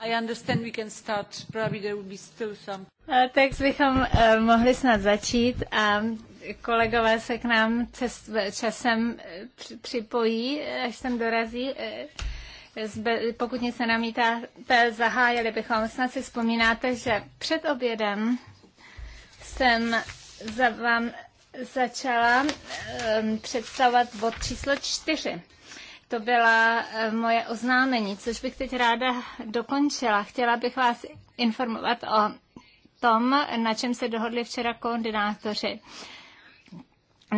I understand we can start. Probably there will be still some. Eh, tak bychom uh, mohli snad začít a kolegové se k nám cest, eh, časem připojí, až sem dorazí. Zbe, pokud nic nenamítáte, zahájili bychom. Snad si vzpomínáte, že před obědem jsem za vám začala um, představovat bod číslo čtyři. To byla eh, moje oznámení, což bych teď ráda dokončila. Chtěla bych vás informovat o tom, na čem se dohodli včera koordinátoři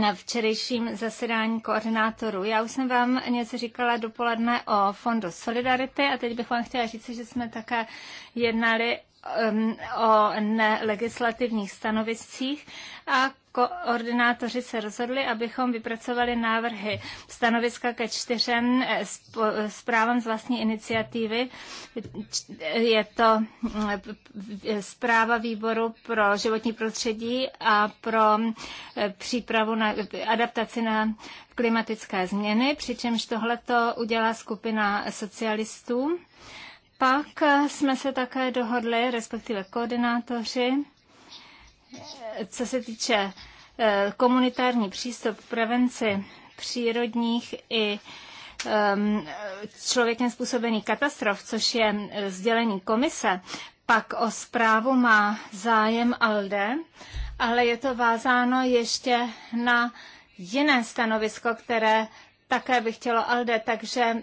na včerejším zasedání koordinátorů. Já už jsem vám něco říkala dopoledne o Fondu Solidarity a teď bych vám chtěla říct, že jsme také jednali ehm, o nelegislativních stanoviscích a koordinátoři se rozhodli, abychom vypracovali návrhy stanoviska ke čtyřem eh, zprávám z vlastní iniciativy. Je to eh, zpráva výboru pro životní prostředí a pro eh, přípravu na adaptaci na klimatické změny, přičemž tohle to udělá skupina socialistů. Pak jsme se také dohodli, respektive koordinátoři, co se týče eh, komunitární přístup k prevenci přírodních i ehm, člověkem způsobených katastrof, což je eh, sdělení komise, pak o zprávu má zájem ALDE, ale je to vázáno ještě na jiné stanovisko, které také by chtělo ALDE, takže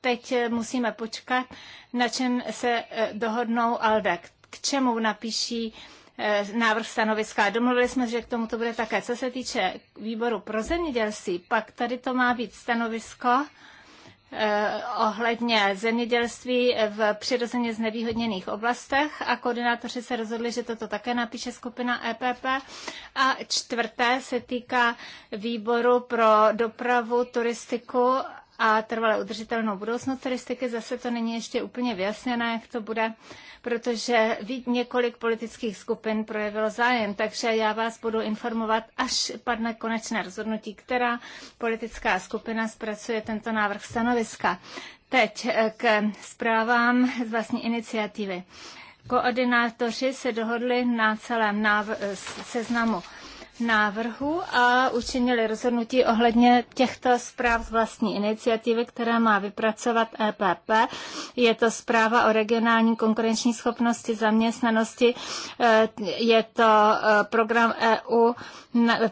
teď musíme počkat, na čem se eh, dohodnou ALDE, k čemu napíší Eh, návrh stanoviska. Domluvili jsme, že k tomu to bude také. Co se týče výboru pro zemědělství, pak tady to má být stanovisko eh, ohledně zemědělství v přirozeně znevýhodněných oblastech a koordinátoři se rozhodli, že toto také napíše skupina EPP. A čtvrté se týká výboru pro dopravu, turistiku a trvale udržitelnou budoucnost turistiky. Zase to není ještě úplně vyjasněné, jak to bude, protože několik politických skupin projevilo zájem, takže já vás budu informovat, až padne konečné rozhodnutí, která politická skupina zpracuje tento návrh stanoviska. Teď eh, k zprávám z vlastní iniciativy. Koordinátoři se dohodli na celém eh, seznamu Návrhu a učinili rozhodnutí ohledně těchto zpráv z vlastní iniciativy, která má vypracovat EPP. Je to zpráva o regionální konkurenční schopnosti zaměstnanosti, eh, je to eh, program EU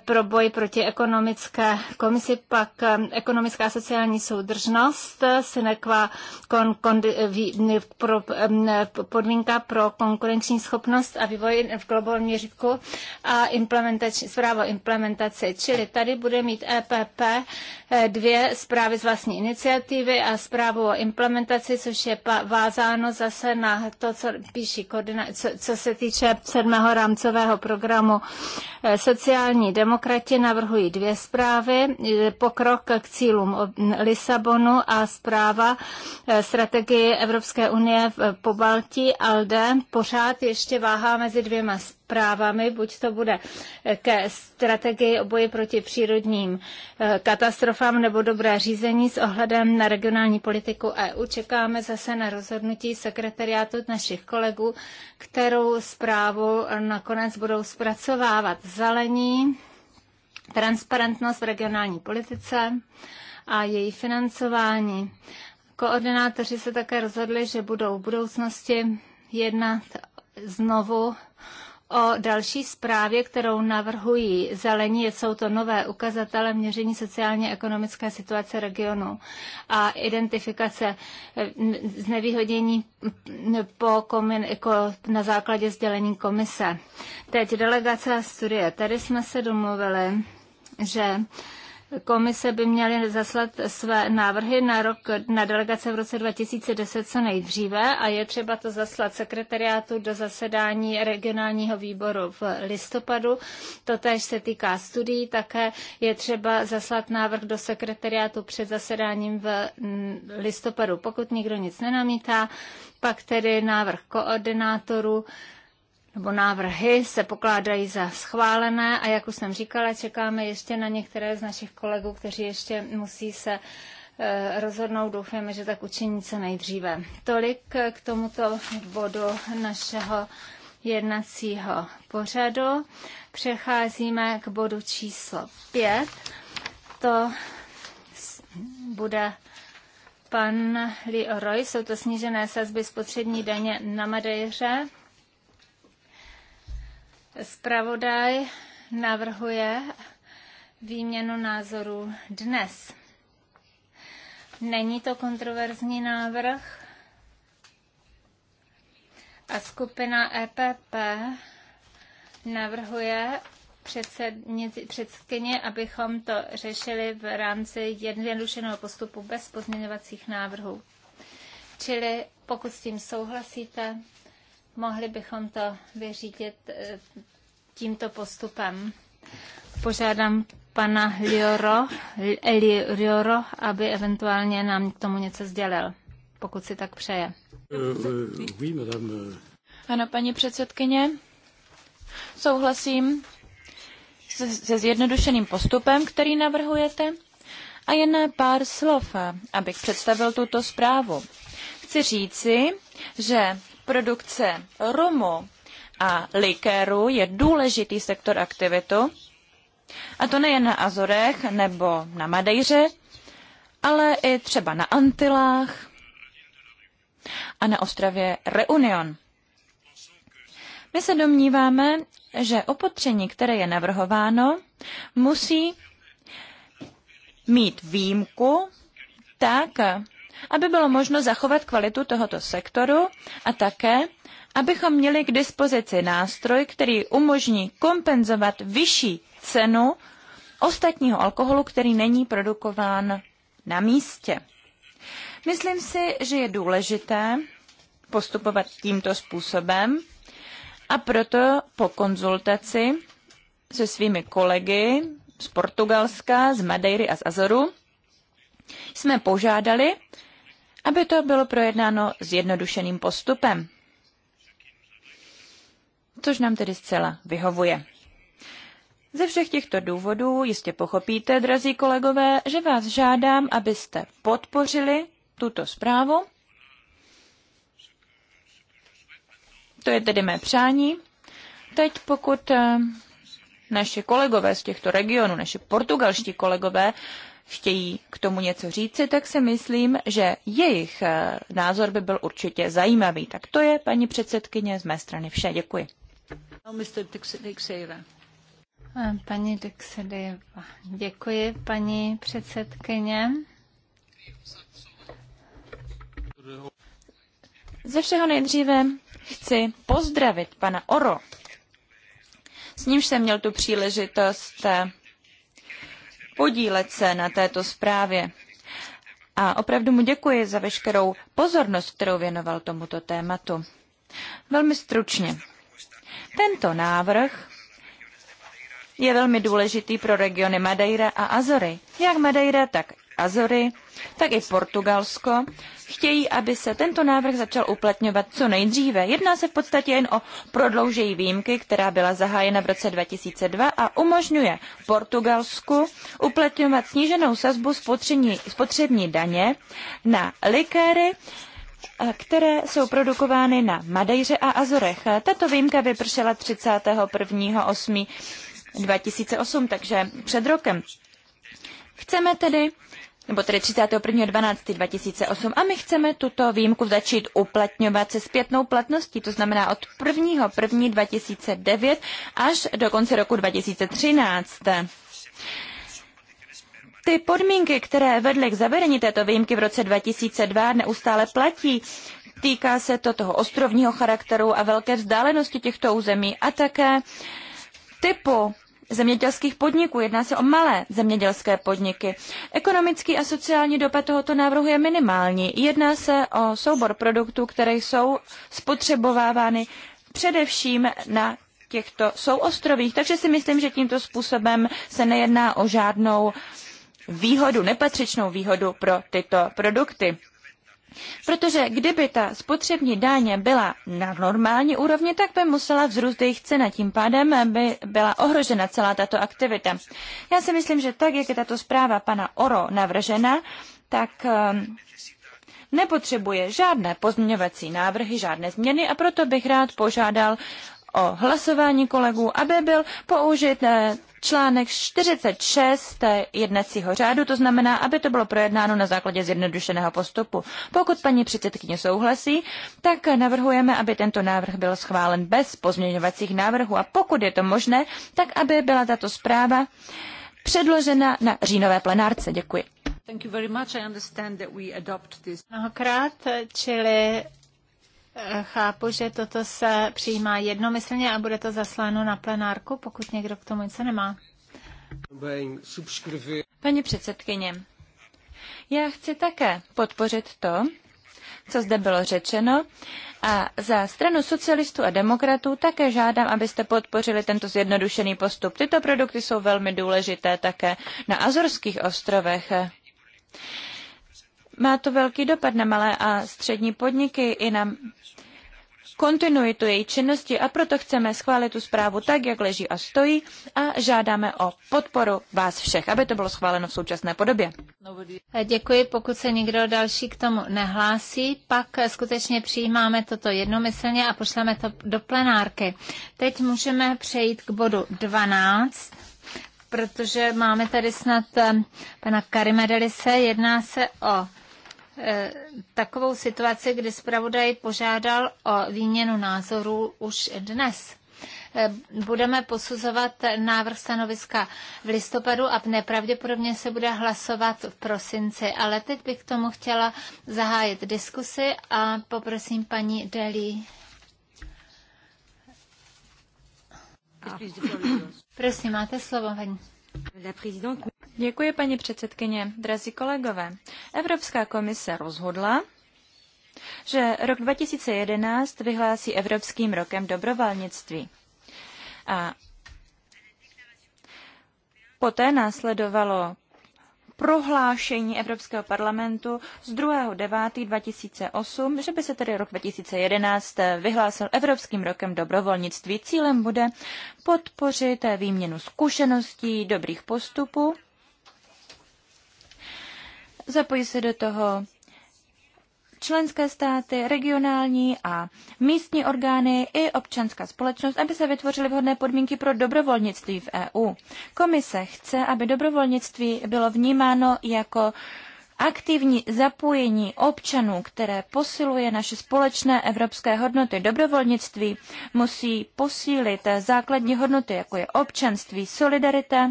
pro boj proti ekonomické komisi, pak eh, ekonomická sociální soudržnost, synekva kon, kon, pro, podmínka pro konkurenční schopnost a vývoj v globálním měřítku a implementační zpráva implementace, čili tady bude mít EPP dvě zprávy z vlastní iniciativy a zprávu o implementaci, což je vázáno zase na to, co píší co, co se týče sedmého rámcového programu. Eh, sociální demokrati navrhují dvě zprávy, eh, pokrok k cílům Lisabonu a zpráva eh, strategie Evropské unie v Pobaltí, ALDE. Pořád ještě váhá mezi dvěma zprávami, buď to bude ke strategii o boji proti přírodním katastrofám, doufám, nebo dobré řízení s ohledem na regionální politiku EU. Čekáme zase na rozhodnutí sekretariátu našich kolegů, kterou zprávu nakonec budou zpracovávat zelení, transparentnost v regionální politice a její financování. Koordinátoři se také rozhodli, že budou v budoucnosti jednat znovu o další zprávě, kterou navrhují zelení. Jsou to nové ukazatele měření sociálně-ekonomické situace regionu a identifikace eh, znevýhodění po komin, jako na základě sdělení komise. Teď delegace a studie. Tady jsme se domluvili, že komise by měly zaslat své návrhy na, rok, na delegace v roce 2010 co nejdříve a je třeba to zaslat sekretariátu do zasedání regionálního výboru v listopadu. Totež se týká studií, také je třeba zaslat návrh do sekretariátu před zasedáním v mm, listopadu. Pokud nikdo nic nenamítá, pak tedy návrh koordinátoru nebo návrhy se pokládají za schválené a jak už jsem říkala, čekáme ještě na některé z našich kolegů, kteří ještě musí se eh, rozhodnou. Doufáme, že tak učiní se nejdříve. Tolik eh, k tomuto bodu našeho jednacího pořadu. Přecházíme k bodu číslo 5. To bude pan Lee Roy. Jsou to snížené sazby spotřební daně na Madejře. Spravodaj navrhuje výměnu názoru dnes. Není to kontroverzní návrh a skupina EPP navrhuje předsedkyně, abychom to řešili v rámci jednodušeného postupu bez pozměňovacích návrhů. Čili pokud s tím souhlasíte, mohli bychom to vyřídit eh, tímto postupem. Požádám pana Lioro, Eli Lioro, aby eventuálně nám k tomu něco sdělil, pokud si tak přeje. Eh, eh, eh. Ano, paní předsedkyně, souhlasím se zjednodušeným postupem, který navrhujete. A jen pár slov, abych představil tuto zprávu. Chci říci, že produkce rumu a likéru je důležitý sektor aktivitu, a to nejen na Azorech nebo na Madejře, ale i třeba na Antilách a na ostrově Reunion. My se domníváme, že opatření, které je navrhováno, musí mít výjimku tak, aby bylo možno zachovat kvalitu tohoto sektoru a také, abychom měli k dispozici nástroj, který umožní kompenzovat vyšší cenu ostatního alkoholu, který není produkován na místě. Myslím si, že je důležité postupovat tímto způsobem a proto po konzultaci se svými kolegy z Portugalska, z Madeiry a z Azoru jsme požádali, aby to bylo projednáno zjednodušeným postupem, což nám tedy zcela vyhovuje. Ze všech těchto důvodů jistě pochopíte, drazí kolegové, že vás žádám, abyste podpořili tuto zprávu. To je tedy mé přání. Teď pokud eh, naši kolegové z těchto regionů, naši portugalští kolegové, chtějí k tomu něco říci, tak si myslím, že jejich eh, názor by byl určitě zajímavý. Tak to je, paní předsedkyně, z mé strany vše. Děkuji. No, eh, paní Dixedeva, děkuji, paní předsedkyně. Ze všeho nejdříve chci pozdravit pana Oro, s nímž jsem měl tu příležitost eh, podílet se na této zprávě. A opravdu mu děkuji za veškerou pozornost, kterou věnoval tomuto tématu. Velmi stručně. Tento návrh je velmi důležitý pro regiony Madeira a Azory. Jak Madeira, tak Azory, tak i Portugalsko chtějí, aby se tento návrh začal uplatňovat co nejdříve. Jedná se v podstatě jen o prodloužení výjimky, která byla zahájena v roce 2002 a umožňuje Portugalsku uplatňovat sníženou sazbu spotřební, spotřební daně na likéry, eh, které jsou produkovány na Madejře a Azorech. Tato výjimka vypršela 31.8.2008, takže před rokem. Chceme tedy nebo tedy 31.12.2008 a my chceme tuto výjimku začít uplatňovat se zpětnou platností, to znamená od 1.1.2009 až do konce roku 2013. Ty podmínky, které vedly k zavedení této výjimky v roce 2002, neustále platí. Týká se to toho ostrovního charakteru a velké vzdálenosti těchto území a také typu zemědělských podniků. Jedná se o malé zemědělské podniky. Ekonomický a sociální dopad tohoto návrhu je minimální. Jedná se o soubor produktů, které jsou spotřebovávány především na těchto souostrovích. Takže si myslím, že tímto způsobem se nejedná o žádnou výhodu, nepatřičnou výhodu pro tyto produkty. Protože kdyby ta spotřební daň byla na normální úrovni, tak by musela vzrůst jejich cena. Tím pádem by byla ohrožena celá tato aktivita. Já si myslím, že tak, jak je tato zpráva pana Oro navržena, tak ehm, nepotřebuje žádné pozměňovací návrhy, žádné změny a proto bych rád požádal o hlasování kolegů, aby byl použit eh, článek 46 jednacího řádu, to znamená, aby to bylo projednáno na základě zjednodušeného postupu. Pokud paní předsedkyně souhlasí, tak navrhujeme, aby tento návrh byl schválen bez pozměňovacích návrhů a pokud je to možné, tak aby byla tato zpráva předložena na říjnové plenárce. Děkuji. Mnohokrát, čili Chápu, že toto se přijímá jednomyslně a bude to zasláno na plenárku, pokud někdo k tomu nic nemá. Paní předsedkyně, já chci také podpořit to, co zde bylo řečeno. A za stranu socialistů a demokratů také žádám, abyste podpořili tento zjednodušený postup. Tyto produkty jsou velmi důležité také na Azorských ostrovech. Má to velký dopad na malé a střední podniky i na kontinuitu její činnosti a proto chceme schválit tu zprávu tak, jak leží a stojí a žádáme o podporu vás všech, aby to bylo schváleno v současné podobě. Děkuji, pokud se nikdo další k tomu nehlásí, pak skutečně přijímáme toto jednomyslně a pošleme to do plenárky. Teď můžeme přejít k bodu 12 protože máme tady snad eh, pana Karimedelise, jedná se o Eh, takovou situaci, kdy zpravodaj požádal o výměnu názorů už dnes. Eh, budeme posuzovat návrh stanoviska v listopadu a nepravděpodobně se bude hlasovat v prosinci, ale teď bych k tomu chtěla zahájit diskusy a poprosím paní Deli. Prosím, máte slovo, paní. Děkuji, paní předsedkyně. Drazí kolegové, Evropská komise rozhodla, že rok 2011 vyhlásí Evropským rokem dobrovolnictví. A poté následovalo prohlášení Evropského parlamentu z 2.9.2008, že by se tedy rok 2011 vyhlásil Evropským rokem dobrovolnictví. Cílem bude podpořit výměnu zkušeností, dobrých postupů Zapojí se do toho členské státy, regionální a místní orgány i občanská společnost, aby se vytvořily vhodné podmínky pro dobrovolnictví v EU. Komise chce, aby dobrovolnictví bylo vnímáno jako aktivní zapojení občanů, které posiluje naše společné evropské hodnoty. Dobrovolnictví musí posílit základní hodnoty, jako je občanství, solidarita,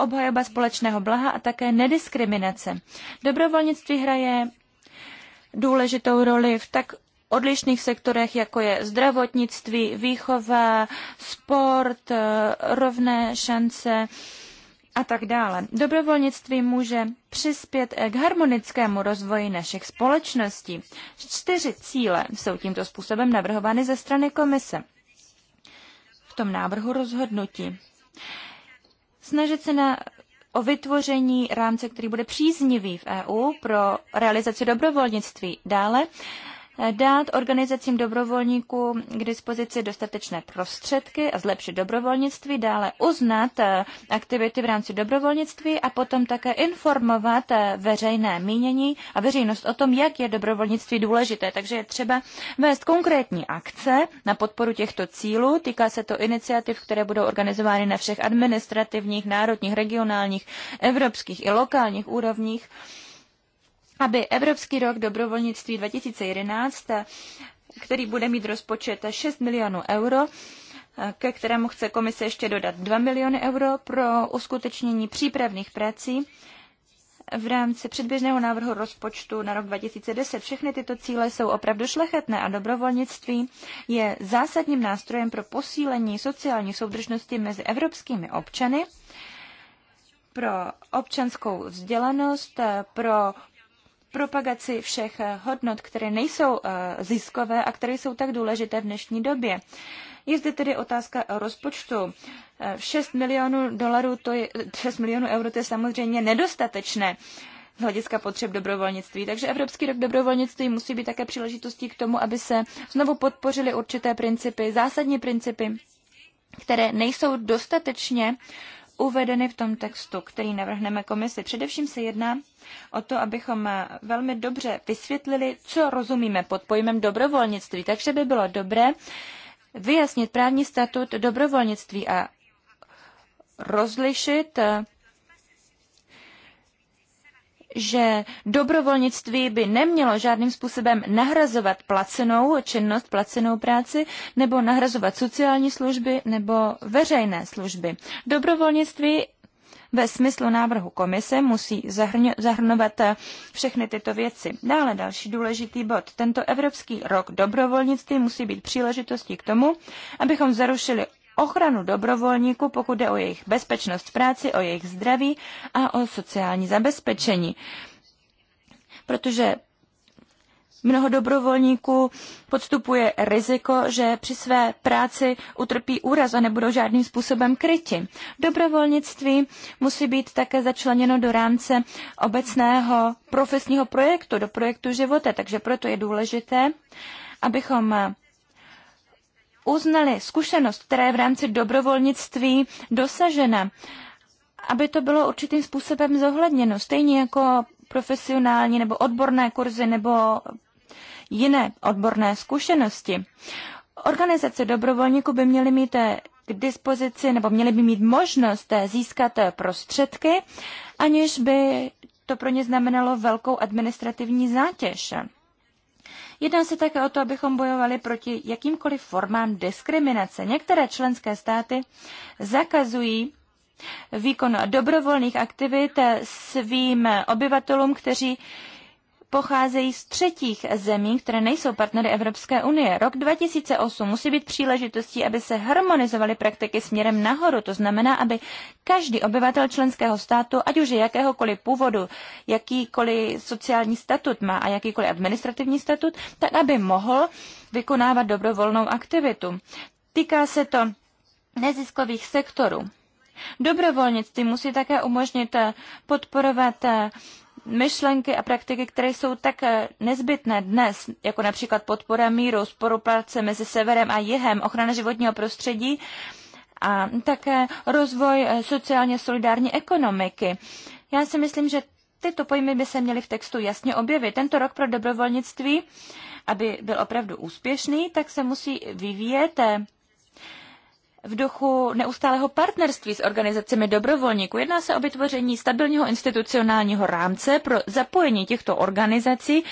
obhajoba společného blaha a také nediskriminace. Dobrovolnictví hraje důležitou roli v tak odlišných sektorech, jako je zdravotnictví, výchova, sport, eh, rovné šance a tak dále. Dobrovolnictví může přispět k harmonickému rozvoji našich společností. Čtyři cíle jsou tímto způsobem navrhovány ze strany komise v tom návrhu rozhodnutí snažit se na, o vytvoření rámce, který bude příznivý v EU pro realizaci dobrovolnictví. Dále Eh, dát organizacím dobrovolníků k dispozici dostatečné prostředky a zlepšit dobrovolnictví, dále uznat eh, aktivity v rámci dobrovolnictví a potom také informovat eh, veřejné mínění a veřejnost o tom, jak je dobrovolnictví důležité. Takže je třeba vést konkrétní akce na podporu těchto cílů. Týká se to iniciativ, které budou organizovány na všech administrativních, národních, regionálních, evropských i lokálních úrovních aby Evropský rok dobrovolnictví 2011, který bude mít rozpočet 6 milionů euro, ke kterému chce komise ještě dodat 2 miliony euro pro uskutečnění přípravných prací, v rámci předběžného návrhu rozpočtu na rok 2010 všechny tyto cíle jsou opravdu šlechetné a dobrovolnictví je zásadním nástrojem pro posílení sociální soudržnosti mezi evropskými občany, pro občanskou vzdělanost, pro propagaci všech eh, hodnot, které nejsou eh, ziskové a které jsou tak důležité v dnešní době. Je zde tedy otázka rozpočtu. 6 eh, milionů dolarů, to je, 6 milionů euro, to je samozřejmě nedostatečné z hlediska potřeb dobrovolnictví. Takže Evropský rok dobrovolnictví musí být také příležitostí k tomu, aby se znovu podpořily určité principy, zásadní principy, které nejsou dostatečně uh, uvedeny v tom textu, který navrhneme komisi. Především se jedná o to, abychom velmi dobře vysvětlili, co rozumíme pod pojmem dobrovolnictví. Takže by bylo dobré vyjasnit právní statut dobrovolnictví a rozlišit že dobrovolnictví by nemělo žádným způsobem nahrazovat placenou činnost, placenou práci, nebo nahrazovat sociální služby nebo veřejné služby. Dobrovolnictví ve smyslu návrhu komise musí zahrnovat eh, všechny tyto věci. Dále další důležitý bod. Tento Evropský rok dobrovolnictví musí být příležitostí k tomu, abychom zarušili ochranu dobrovolníků, pokud jde o jejich bezpečnost v práci, o jejich zdraví a o sociální zabezpečení. Protože Mnoho dobrovolníků podstupuje riziko, že při své práci utrpí úraz a nebudou žádným způsobem kryti. Dobrovolnictví musí být také začleněno do rámce obecného profesního projektu, do projektu života, takže proto je důležité, abychom uznali zkušenost, která je v rámci dobrovolnictví dosažena, aby to bylo určitým způsobem zohledněno, stejně jako profesionální nebo odborné kurzy nebo jiné odborné zkušenosti. Organizace dobrovolníků by měly mít eh, k dispozici nebo měly by mít možnost eh, získat eh, prostředky, aniž by to pro ně znamenalo velkou administrativní zátěž. Jedná se také o to, abychom bojovali proti jakýmkoliv formám diskriminace. Některé členské státy zakazují výkon dobrovolných aktivit svým obyvatelům, kteří pocházejí z třetích zemí, které nejsou partnery Evropské unie. Rok 2008 musí být příležitostí, aby se harmonizovaly praktiky směrem nahoru. To znamená, aby každý obyvatel členského státu, ať už je jakéhokoliv původu, jakýkoliv sociální statut má a jakýkoliv administrativní statut, tak aby mohl vykonávat dobrovolnou aktivitu. Týká se to neziskových sektorů. Dobrovolnictví musí také umožnit podporovat myšlenky a praktiky, které jsou tak eh, nezbytné dnes, jako například podpora míru, spolupráce mezi severem a jihem, ochrana životního prostředí a také rozvoj eh, sociálně solidární ekonomiky. Já si myslím, že tyto pojmy by se měly v textu jasně objevit. Tento rok pro dobrovolnictví, aby byl opravdu úspěšný, tak se musí vyvíjet eh, v duchu neustálého partnerství s organizacemi dobrovolníků. Jedná se o vytvoření stabilního institucionálního rámce pro zapojení těchto organizací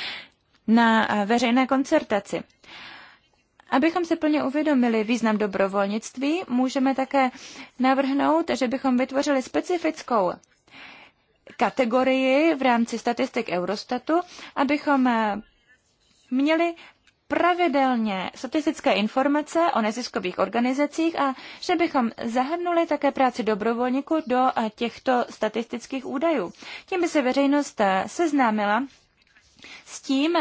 na eh, veřejné koncertaci. Abychom se plně uvědomili význam dobrovolnictví, můžeme také navrhnout, že bychom vytvořili specifickou kategorii v rámci statistik Eurostatu, abychom eh, měli pravidelně statistické informace o neziskových organizacích a že bychom zahrnuli také práci dobrovolníků do eh, těchto statistických údajů. Tím by se veřejnost eh, seznámila s tím,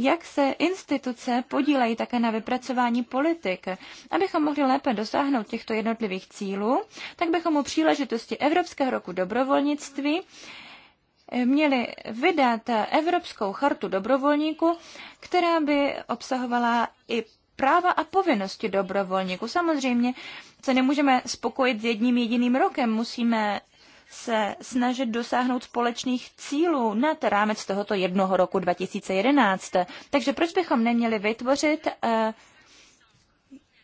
jak se instituce podílejí také na vypracování politik. Abychom mohli lépe dosáhnout těchto jednotlivých cílů, tak bychom u příležitosti Evropského roku dobrovolnictví měli vydat Evropskou chartu dobrovolníků, která by obsahovala i práva a povinnosti dobrovolníků. Samozřejmě se nemůžeme spokojit s jedním jediným rokem, musíme se snažit dosáhnout společných cílů nad rámec tohoto jednoho roku 2011. Takže proč bychom neměli vytvořit eh,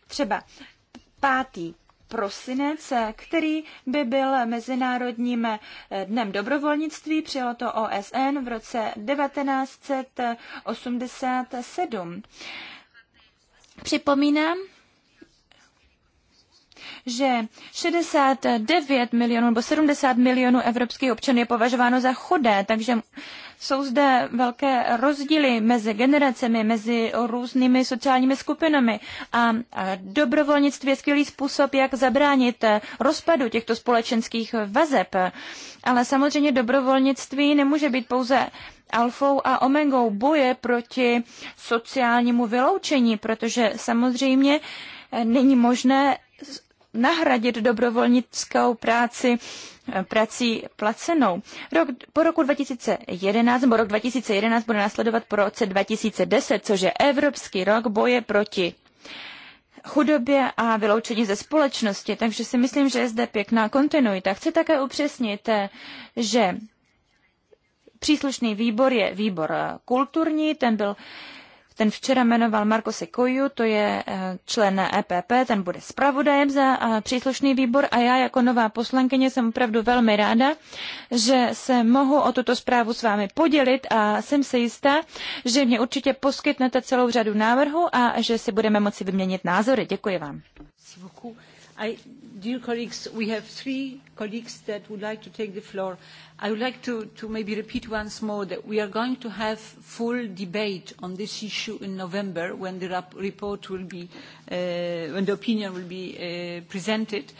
třeba pátý prosinec, který by byl Mezinárodním eh, dnem dobrovolnictví. Přijalo to OSN v roce 1987. Připomínám, že 69 milionů nebo 70 milionů evropských občanů je považováno za chudé, takže jsou zde velké rozdíly mezi generacemi, mezi různými sociálními skupinami a dobrovolnictví je skvělý způsob, jak zabránit rozpadu těchto společenských vazeb. Ale samozřejmě dobrovolnictví nemůže být pouze alfou a omegou boje proti sociálnímu vyloučení, protože samozřejmě není možné nahradit dobrovolnickou práci eh, prací placenou. Rok, po roku 2011, nebo rok 2011 bude následovat po roce 2010, což je Evropský rok boje proti chudobě a vyloučení ze společnosti, takže si myslím, že je zde pěkná kontinuita. Chci také upřesnit, eh, že příslušný výbor je výbor kulturní, ten byl ten včera jmenoval Marko Sekoju, to je eh, člen EPP, ten bude zpravodajem za eh, příslušný výbor a já jako nová poslankyně jsem opravdu velmi ráda, že se mohu o tuto zprávu s vámi podělit a jsem se jistá, že mě určitě poskytnete celou řadu návrhů a že si budeme moci vyměnit názory. Děkuji vám. I, dear colleagues, we have three colleagues that would like to take the floor. I would like to, to maybe repeat once more that we are going to have full debate on this issue in November when the report will be, uh, when the opinion will be uh, presented.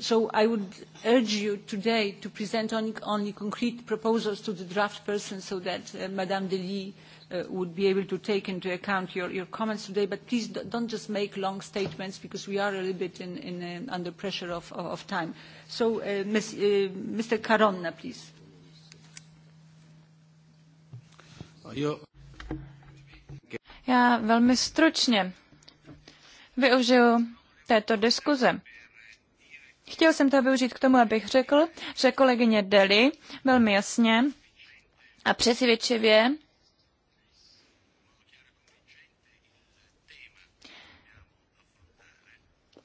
So I would urge you today to present only, only concrete proposals to the draft person so that uh, Madame Delis Uh, would be able to take into account your, your comments today. But please don't just make long statements because we are a little bit in, in, uh, under pressure of, of time. So, uh, Ms, uh, Mr. Caronna, please. Já velmi stručně využiju této diskuze. Chtěl jsem to využít k tomu, abych řekl, že kolegyně Deli velmi jasně a přesvědčivě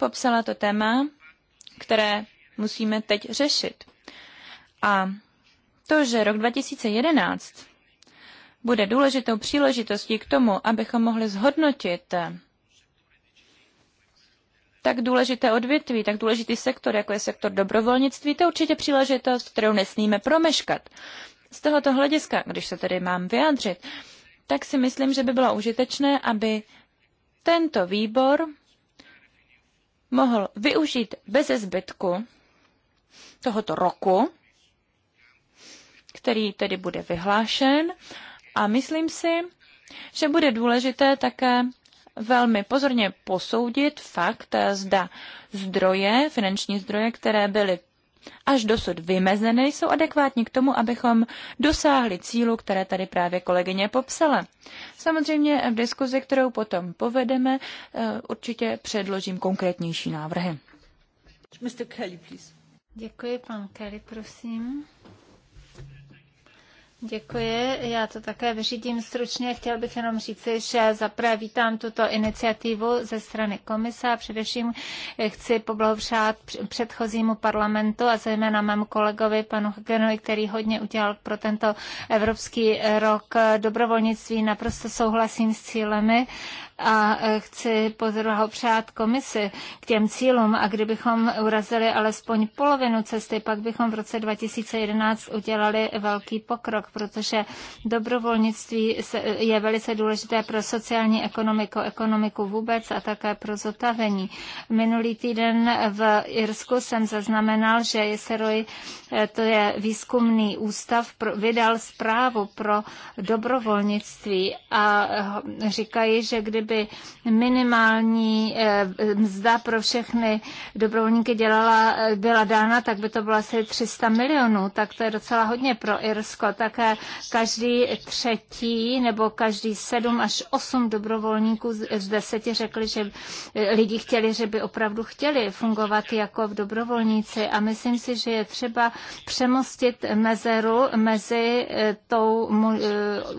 popsala to téma, které musíme teď řešit. A to, že rok 2011 bude důležitou příležitostí k tomu, abychom mohli zhodnotit tak důležité odvětví, tak důležitý sektor, jako je sektor dobrovolnictví, to je určitě příležitost, kterou nesmíme promeškat. Z tohoto hlediska, když se tedy mám vyjádřit, tak si myslím, že by bylo užitečné, aby tento výbor mohl využít bez zbytku tohoto roku, který tedy bude vyhlášen. A myslím si, že bude důležité také velmi pozorně posoudit fakt, zda zdroje, finanční zdroje, které byly až dosud vymezeny, jsou adekvátní k tomu, abychom dosáhli cílu, které tady právě kolegyně popsala. Samozřejmě v diskuzi, kterou potom povedeme, eh, určitě předložím konkrétnější návrhy. Mr. Kelly, please. Děkuji, pan Kelly, prosím. Děkuji, já to také vyřídím stručně. Chtěl bych jenom říci, že zaprvé vítám tuto iniciativu ze strany komise a především chci poblahopřát předchozímu parlamentu a zejména mému kolegovi panu Hagenovi, který hodně udělal pro tento Evropský rok dobrovolnictví. Naprosto souhlasím s cílemi a e, chci pozdravopřát komisi k těm cílům a kdybychom urazili alespoň polovinu cesty, pak bychom v roce 2011 udělali velký pokrok, protože dobrovolnictví je velice důležité pro sociální ekonomiku, ekonomiku vůbec a také pro zotavení. Minulý týden v Irsku jsem zaznamenal, že Jeseroj, e, to je výzkumný ústav, vydal zprávu pro dobrovolnictví a e, říkají, že kdyby by minimální eh, mzda pro všechny dobrovolníky dělala, eh, byla dána, tak by to bylo asi 300 milionů, tak to je docela hodně pro Irsko. Také každý třetí nebo každý sedm až osm dobrovolníků z deseti řekli, že eh, lidi chtěli, že by opravdu chtěli fungovat jako v dobrovolníci a myslím si, že je třeba přemostit mezeru mezi tou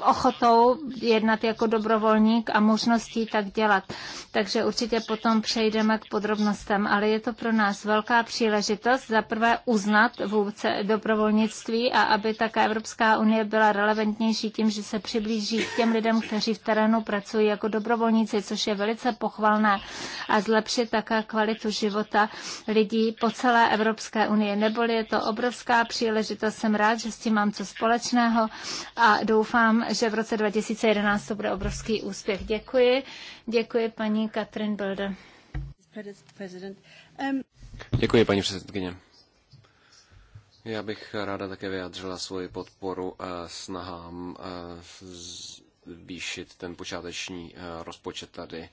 ochotou jednat jako dobrovolník a možností chtít tak dělat. Takže určitě potom přejdeme k podrobnostem, ale je to pro nás velká příležitost zaprvé uznat vůdce dobrovolnictví a aby také Evropská unie byla relevantnější tím, že se přiblíží k těm lidem, kteří v terénu pracují jako dobrovolníci, což je velice pochvalné a zlepšit také kvalitu života lidí po celé Evropské unii. Neboli je to obrovská příležitost, jsem rád, že s tím mám co společného a doufám, že v roce 2011 to bude obrovský úspěch. Děkuji. Děkuji paní Katrin Belda. Děkuji, paní předsedkyně. Já bych ráda také vyjádřila svoji podporu a eh, snahám eh, zvýšit ten počáteční eh, rozpočet tady.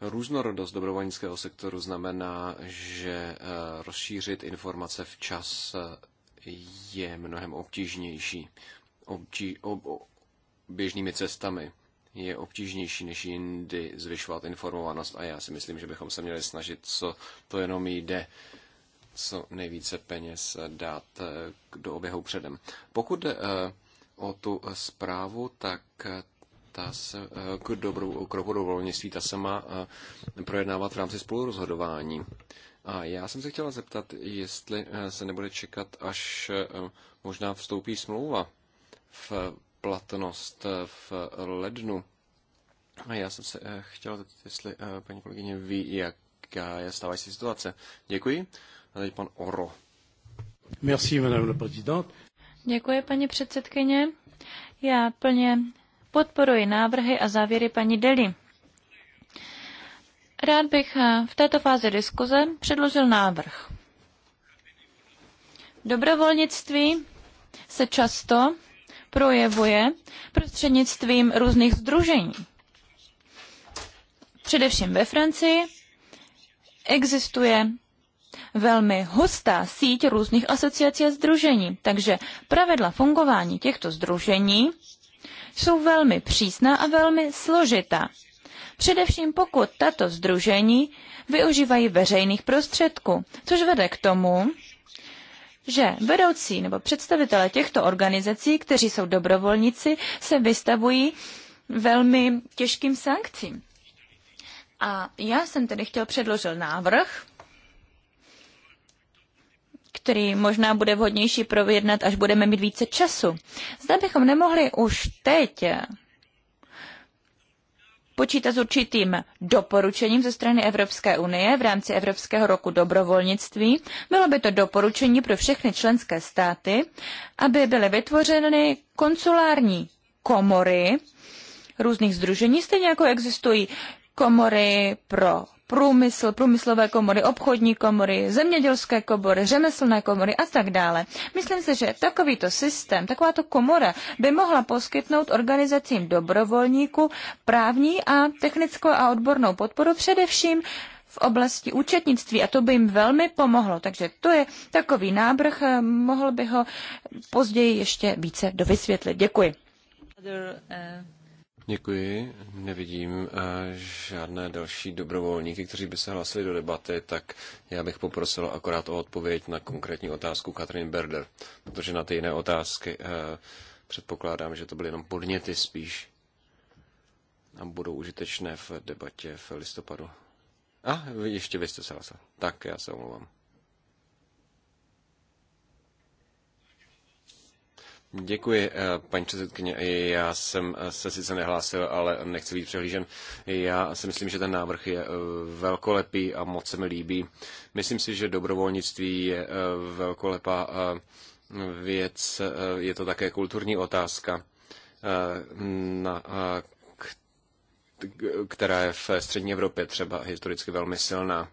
Různorodost dobrovolnického sektoru znamená, že rozšířit informace včas je mnohem obtížnější obtí, ob, ob, běžnými cestami je obtížnější než jindy zvyšovat informovanost a já si myslím, že bychom se měli snažit, co to jenom jde, co nejvíce peněz dát eh, do oběhu předem. Pokud jde eh, o tu zprávu, tak eh, ta se, k, dobrou, kroku roku dobrovolnictví, ta se má projednávat v rámci spolurozhodování. A já jsem se chtěla zeptat, jestli se nebude čekat, až možná vstoupí smlouva v platnost eh, v lednu. A já jsem se eh, chtěl zeptat, jestli eh, paní kolegyně ví, jaká je stávající situace. Děkuji. A teď pan Oro. Merci, madame la présidente. Děkuji, paní předsedkyně. Já plně podporuji návrhy a závěry paní Deli. Rád bych v této fázi diskuze předložil návrh. Dobrovolnictví se často projevuje prostřednictvím různých združení. Především ve Francii existuje velmi hustá síť různých asociací a združení, takže pravidla fungování těchto združení jsou velmi přísná a velmi složitá. Především pokud tato združení využívají veřejných prostředků, což vede k tomu, že vedoucí nebo představitelé těchto organizací, kteří jsou dobrovolníci, se vystavují velmi těžkým sankcím. A já jsem tedy chtěl předložit návrh, který možná bude vhodnější projednat, až budeme mít více času. Zda bychom nemohli už teď počítá s určitým doporučením ze strany Evropské unie v rámci Evropského roku dobrovolnictví. Bylo by to doporučení pro všechny členské státy, aby byly vytvořeny konsulární komory různých združení, stejně jako existují komory pro průmysl, průmyslové komory, obchodní komory, zemědělské komory, řemeslné komory a tak dále. Myslím si, že takovýto systém, takováto komora by mohla poskytnout organizacím dobrovolníků právní a technickou a odbornou podporu především v oblasti účetnictví a to by jim velmi pomohlo. Takže to je takový návrh, eh, mohl by ho později ještě více dovysvětlit. Děkuji. Other, uh... Děkuji. Nevidím eh, žádné další dobrovolníky, kteří by se hlasili do debaty, tak já bych poprosil akorát o odpověď na konkrétní otázku Katrin Berder, protože na ty jiné otázky eh, předpokládám, že to byly jenom podněty spíš a budou užitečné v debatě v listopadu. A ještě vy jste se hlasili. Tak, já se omlouvám. Děkuji, eh, paní předsedkyně. Já jsem eh, se sice nehlásil, ale nechci být přehlížen. Já si myslím, že ten návrh je eh, velkolepý a moc se mi líbí. Myslím si, že dobrovolnictví je velkolepá věc, je to také kulturní otázka, na, která je v střední Evropě třeba historicky velmi silná.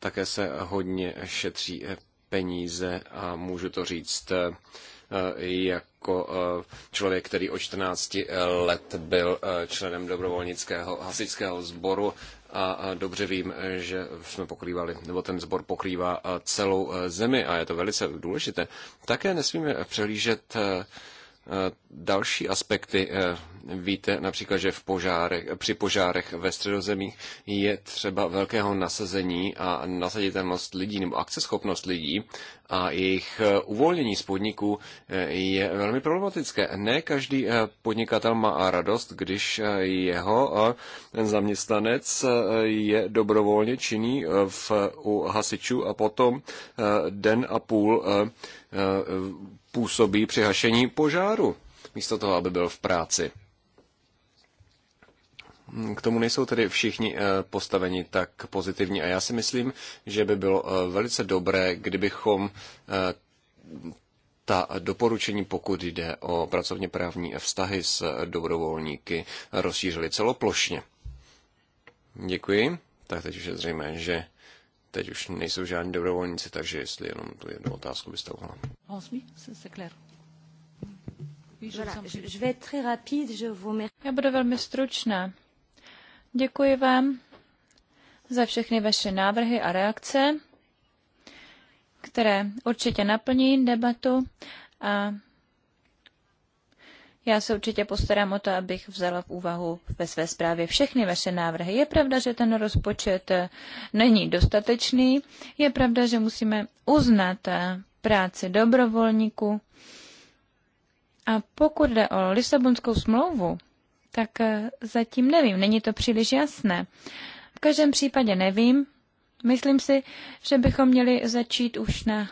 Také se hodně šetří peníze a můžu to říct eh, jako eh, člověk, který o 14 eh, let byl členem dobrovolnického hasičského sboru a dobře vím, že jsme pokrývali, nebo ten sbor pokrývá celou zemi a je to velice důležité. Také nesmíme přehlížet Eh, další aspekty, eh, víte například, že v požárech, při požárech ve středozemí je třeba velkého nasazení a nasaditelnost lidí nebo akceschopnost lidí a jejich eh, uvolnění z podniků je velmi problematické. Ne každý podnikatel má radost, když jeho zaměstnanec je dobrovolně činný v, u hasičů a potom den a půl působí při hašení požáru, místo toho, aby byl v práci. K tomu nejsou tedy všichni eh, postaveni tak pozitivní a já si myslím, že by bylo eh, velice dobré, kdybychom eh, ta doporučení, pokud jde o pracovně právní vztahy s dobrovolníky, rozšířili celoplošně. Děkuji. Tak teď už je zřejmé, že teď už nejsou žádní dobrovolníci, takže jestli jenom tu jednu otázku byste mohla. Já budu velmi stručná. Děkuji vám za všechny vaše návrhy a reakce, které určitě naplní debatu a já se určitě postarám o to, abych vzala v úvahu ve své zprávě všechny vaše návrhy. Je pravda, že ten rozpočet eh, není dostatečný. Je pravda, že musíme uznat eh, práci dobrovolníků. A pokud jde o Lisabonskou smlouvu, tak eh, zatím nevím, není to příliš jasné. V každém případě nevím. Myslím si, že bychom měli začít už na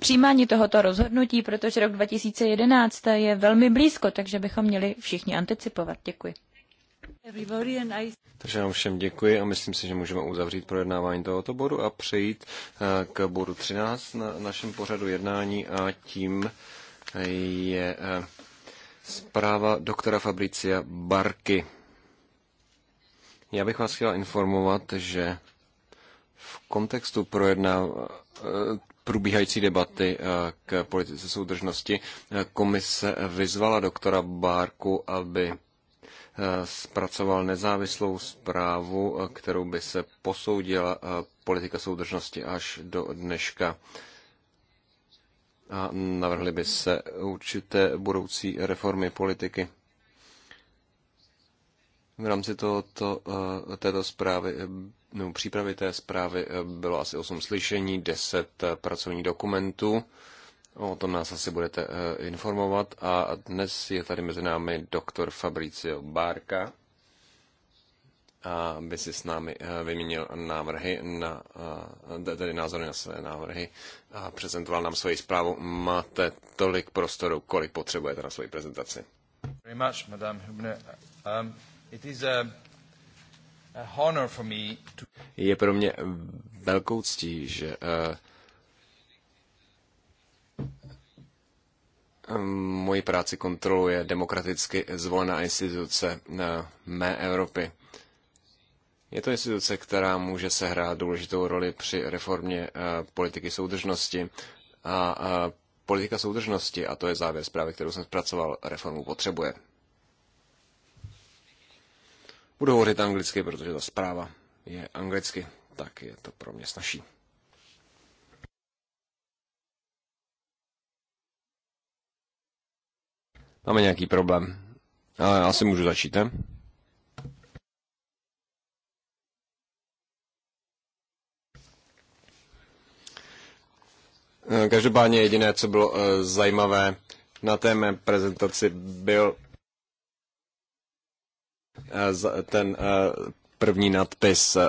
přijímání tohoto rozhodnutí, protože rok 2011 je velmi blízko, takže bychom měli všichni anticipovat. Děkuji. Takže vám všem děkuji a myslím si, že můžeme uzavřít projednávání tohoto bodu a přejít eh, k bodu 13 na našem pořadu jednání a tím eh, je eh, zpráva doktora Fabricia Barky. Já bych vás chtěla informovat, že v kontextu projedná, probíhající debaty eh, k politice soudržnosti eh, komise vyzvala doktora Bárku, aby eh, zpracoval nezávislou zprávu, kterou by se posoudila politika soudržnosti až do dneška. A navrhly by se určité budoucí reformy politiky. V rámci tohoto, eh, této zprávy, eh, nebo přípravy té zprávy eh, bylo asi 8 slyšení, 10 pracovních dokumentů. O tom nás asi budete informovat. A dnes je tady mezi námi doktor Fabricio Bárka, aby si s námi vyměnil návrhy na, tedy názory na své návrhy a prezentoval nám svoji zprávu. Máte tolik prostoru, kolik potřebujete na svoji prezentaci. Very much, Madame Um... Je pro mě velkou ctí, že eh, moji práci kontroluje demokraticky zvolená instituce eh, mé Evropy. Je to instituce, která může sehrát důležitou roli při reformě eh, politiky soudržnosti a politika soudržnosti, a to je závěr zprávy, kterou jsem zpracoval, reformu potřebuje. Budu hovořit anglicky, protože ta zpráva je anglicky, tak je to pro mě snažší. Máme nějaký problém, ale asi můžu začít, ne? Každopádně jediné, co bylo eh, zajímavé na té mé prezentaci, byl Eh, ten eh, první nadpis eh,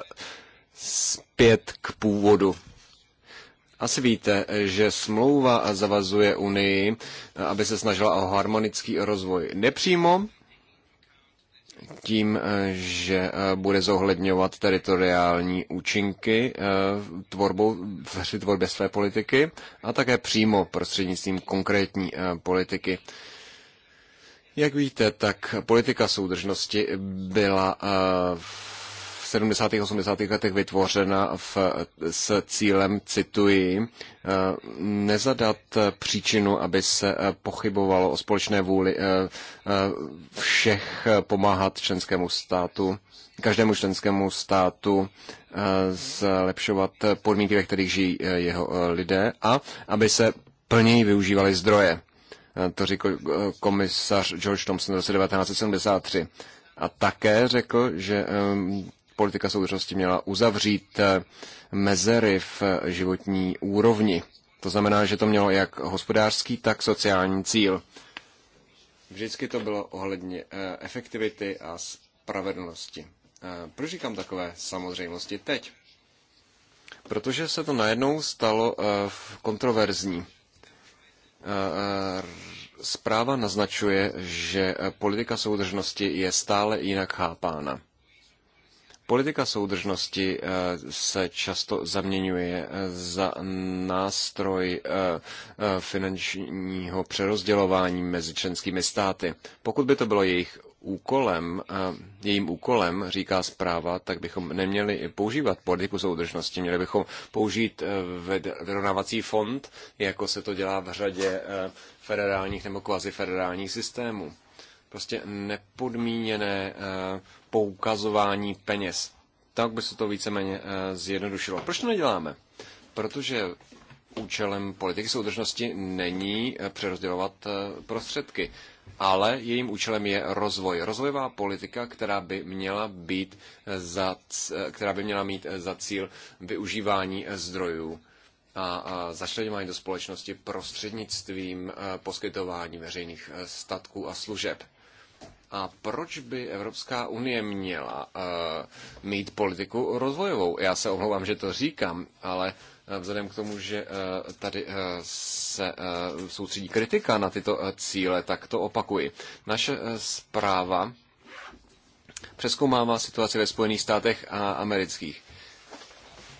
zpět k původu. Asi víte, že smlouva zavazuje Unii, aby se snažila o harmonický rozvoj nepřímo, tím, že bude zohledňovat teritoriální účinky tvorbou, při tvorbě své politiky a také přímo prostřednictvím konkrétní politiky. Jak víte, tak politika soudržnosti byla eh, v 70. a 80. letech vytvořena v, s cílem, cituji, eh, nezadat příčinu, aby se eh, pochybovalo o společné vůli všech pomáhat členskému státu, každému členskému státu zlepšovat podmínky, ve kterých žijí jeho lidé a aby se plněji využívaly zdroje. Eh, to řekl eh, komisař George Thompson v roce 1973. A také řekl, že eh, politika soudržnosti měla uzavřít mezery v životní úrovni. To znamená, že to mělo jak hospodářský, tak sociální cíl. Vždycky to bylo ohledně efektivity a spravedlnosti. Proč říkám takové samozřejmosti teď? Protože se to najednou stalo kontroverzní zpráva naznačuje, že politika soudržnosti je stále jinak chápána. Politika soudržnosti e, se často zaměňuje za nástroj e, e, finančního přerozdělování mezi členskými státy. Pokud by to bylo jejich úkolem, jejím úkolem, říká zpráva, tak bychom neměli používat politiku soudržnosti, měli bychom použít e, vyrovnávací fond, jako se to dělá v řadě e, federálních nebo federálních systémů. Prostě nepodmíněné e, poukazování peněz. Tak by se to víceméně zjednodušilo. Proč to neděláme? Protože účelem politiky soudržnosti není přerozdělovat prostředky ale jejím účelem je rozvoj. Rozvojová politika, která by měla, být za, která by měla mít za cíl využívání zdrojů a začlenování do společnosti prostřednictvím e, poskytování veřejných e, statků a služeb. A proč by Evropská unie měla e, mít politiku rozvojovou? Já se omlouvám, že to říkám, ale Eh, vzhledem k tomu, že eh, tady eh, se soustředí kritika na tyto cíle, tak to opakuji. Naše zpráva přeskoumává situaci ve Spojených státech a amerických.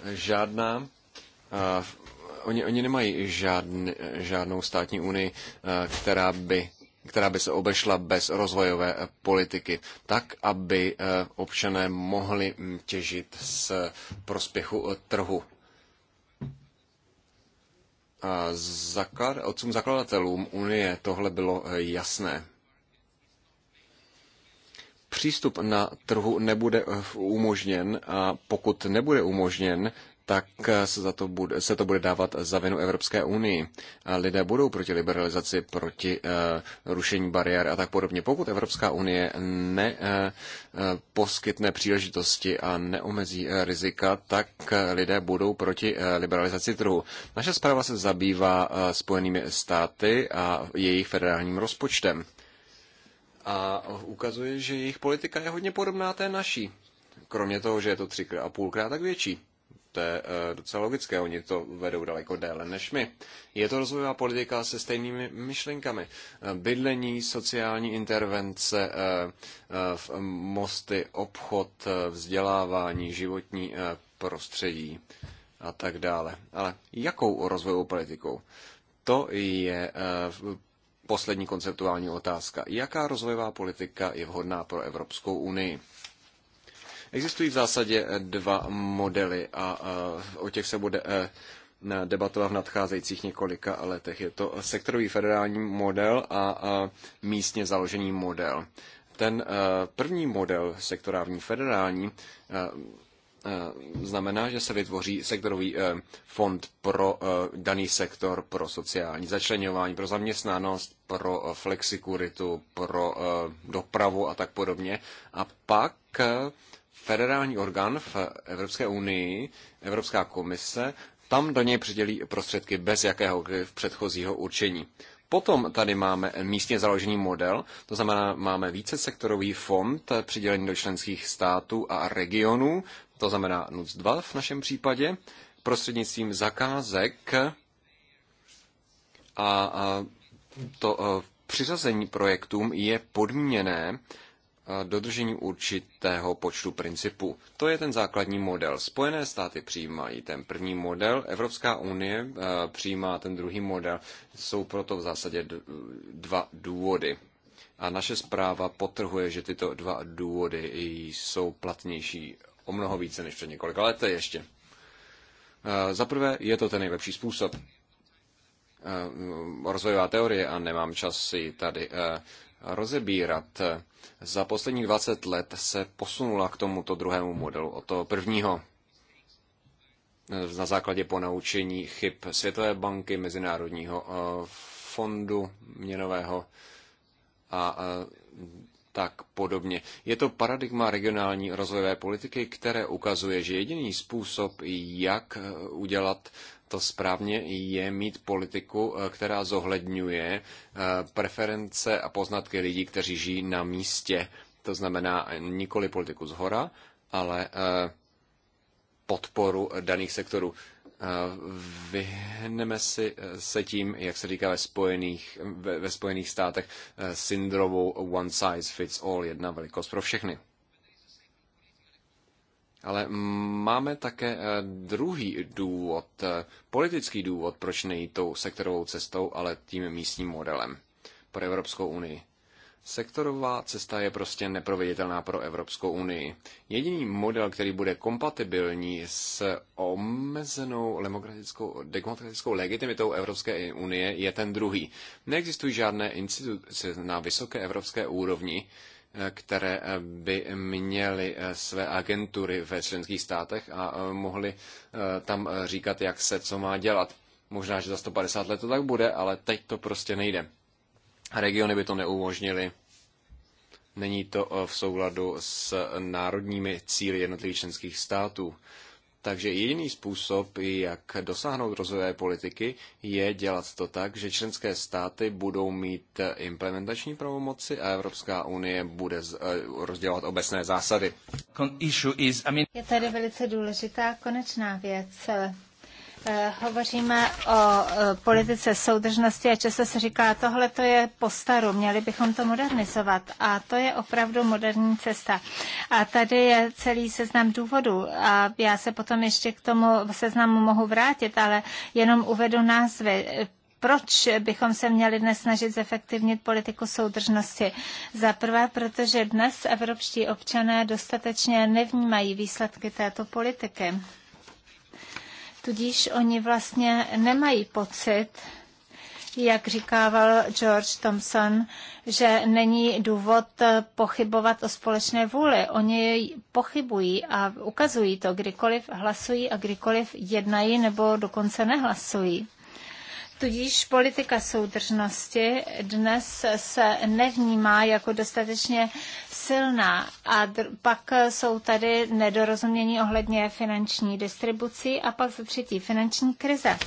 Žádná oni, oni nemají žádn, žádnou státní unii, která by, která by se obešla bez rozvojové politiky, tak, aby občané mohli mm, těžit z prospěchu trhu zaklad, otcům zakladatelům Unie tohle bylo eh, jasné. Přístup na trhu nebude eh, umožněn a pokud nebude umožněn, tak se, za to bude, se to bude dávat za vinu Evropské unii. A lidé budou proti liberalizaci, proti uh, rušení bariér a tak podobně. Pokud Evropská unie neposkytne eh, eh, uh, příležitosti a neomezí uh, rizika, tak uh, lidé budou proti uh, liberalizaci trhu. Naše zpráva se zabývá uh, Spojenými státy a jejich federálním rozpočtem. A ukazuje, že jejich politika je hodně podobná té naší. Kromě toho, že je to třikrát a půlkrát tak větší to je eh, docela logické, oni to vedou daleko déle než my. Je to rozvojová politika se stejnými myšlenkami. Eh, bydlení, sociální intervence, eh, mosty, obchod, vzdělávání, životní prostředí a tak dále. Ale jakou rozvojovou politikou? To je poslední konceptuální otázka. Jaká rozvojová politika je vhodná pro Evropskou unii? Existují v zásadě eh, dva modely a eh, o těch se bude eh, debatovat v nadcházejících několika letech. Je to sektorový federální model a místně založený model. Ten první model, sektorální federální, znamená, že se vytvoří sektorový fond pro daný sektor, pro sociální začlenování, pro zaměstnanost, pro flexikuritu, pro dopravu a tak podobně. A pak federální orgán v Evropské unii, Evropská komise, tam do něj přidělí prostředky bez jakéhokoliv předchozího určení. Potom tady máme místně založený model, to znamená, máme více sektorový fond přidělený do členských států a regionů, to znamená NUC 2 v našem případě, prostřednictvím zakázek a to eh, přiřazení projektům je podmíněné Dodržení určitého počtu principů. To je ten základní model. Spojené státy přijímají ten první model, Evropská unie e, přijímá ten druhý model. Jsou proto v zásadě dva důvody. A naše zpráva potrhuje, že tyto dva důvody jsou platnější o mnoho více než před několika lety ještě. E, za prvé je to ten nejlepší způsob. E, rozvojová teorie, a nemám čas si tady rozebírat, za posledních 20 let se posunula k tomuto druhému modelu od toho prvního na základě ponaučení chyb Světové banky, Mezinárodního eh, fondu měnového a eh, tak podobně. Je to paradigma regionální rozvojové politiky, které ukazuje, že jediný způsob, jak eh, udělat to správně je mít politiku, eh, která zohledňuje eh, preference a poznatky lidí, kteří žijí na místě. To znamená nikoli politiku z hora, ale eh, podporu daných sektorů. Vyhneme si se tím, jak se říká ve Spojených, ve, ve Spojených státech, syndromu one size fits all, jedna velikost pro všechny. Ale máme také eh, druhý důvod, eh, politický důvod, proč nejít tou sektorovou cestou, ale tím místním modelem pro Evropskou unii. Sektorová cesta je prostě neproveditelná pro Evropskou unii. Jediný model, který bude kompatibilní s omezenou demokratickou, demokratickou legitimitou Evropské unie, je ten druhý. Neexistují žádné instituce na vysoké evropské úrovni, které eh, by měly eh, své agentury ve členských státech a eh, mohly tam říkat, jak se co má dělat. Možná, že za 150 let to tak bude, ale teď to prostě nejde. Regiony by to neumožnily. Není to v souladu s národními cíly jednotlivých členských států. Takže jediný způsob, jak dosáhnout rozvojové politiky, je dělat to tak, že členské státy budou mít implementační pravomoci a Evropská unie bude eh, rozdělovat obecné zásady. Je tady velice důležitá konečná věc. Eh, hovoříme o eh, politice soudržnosti a často se říká, tohle to je postaru, měli bychom to modernizovat. A to je opravdu moderní cesta. A tady je celý seznam důvodů. A já se potom ještě k tomu seznamu mohu vrátit, ale jenom uvedu názvy proč bychom se měli dnes snažit zefektivnit politiku soudržnosti. Za prvé, protože dnes evropští občané dostatečně nevnímají výsledky této politiky. Tudíž oni vlastně nemají pocit, jak říkával George Thompson, že není důvod pochybovat o společné vůli. Oni pochybují a ukazují to, kdykoliv hlasují a kdykoliv jednají nebo dokonce nehlasují. Tudíž politika soudržnosti dnes se nevnímá jako dostatečně silná. A pak jsou tady nedorozumění ohledně finanční distribucí a pak za třetí finanční krize.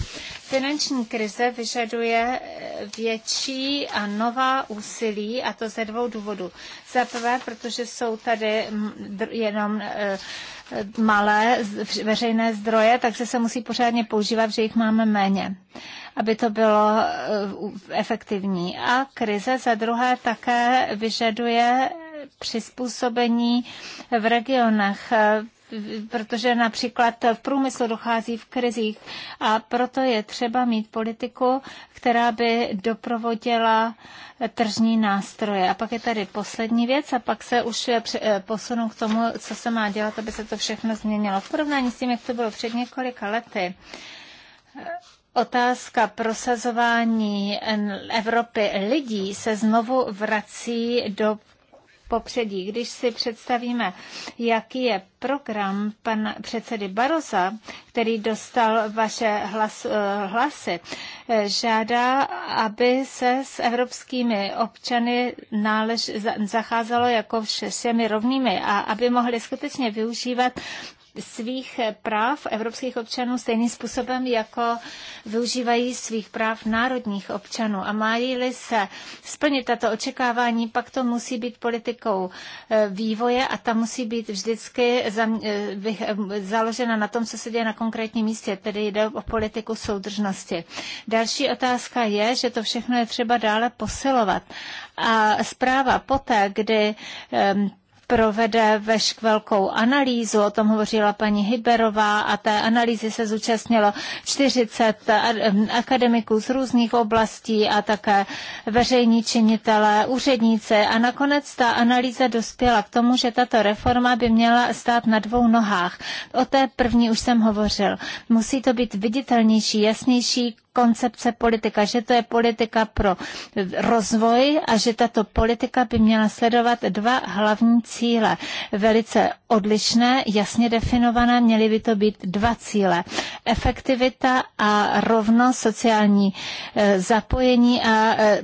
Finanční krize vyžaduje eh, větší a nová úsilí a to ze dvou důvodů. Za prvé, protože jsou tady jenom eh, malé veřejné zdroje, takže se musí pořádně používat, že jich máme méně aby to bylo eh, efektivní. A krize za druhé také vyžaduje přizpůsobení v regionech, eh, protože například v průmyslu dochází v krizích a proto je třeba mít politiku, která by doprovodila tržní nástroje. A pak je tady poslední věc a pak se už eh, posunu k tomu, co se má dělat, aby se to všechno změnilo. V porovnání s tím, jak to bylo před několika lety, otázka prosazování Evropy lidí se znovu vrací do popředí. Když si představíme, jaký je program pan předsedy Baroza, který dostal vaše hlas, eh, hlasy, eh, žádá, aby se s evropskými občany nálež, zacházelo jako všemi rovnými a aby mohli skutečně využívat svých práv evropských občanů stejným způsobem, jako využívají svých práv národních občanů. A mají-li se splnit tato očekávání, pak to musí být politikou eh, vývoje a ta musí být vždycky eh, eh, založena na tom, co se děje na konkrétním místě, tedy jde o politiku soudržnosti. Další otázka je, že to všechno je třeba dále posilovat. A zpráva poté, kdy ehm, provede veš velkou analýzu, o tom hovořila paní Hyberová a té analýzy se zúčastnilo 40 akademiků z různých oblastí a také veřejní činitelé, úředníci a nakonec ta analýza dospěla k tomu, že tato reforma by měla stát na dvou nohách. O té první už jsem hovořil. Musí to být viditelnější, jasnější, koncepce politika, že to je politika pro rozvoj a že tato politika by měla sledovat dva hlavní cíle. Velice odlišné, jasně definované, měly by to být dva cíle. Efektivita a rovnost sociální eh, zapojení a eh,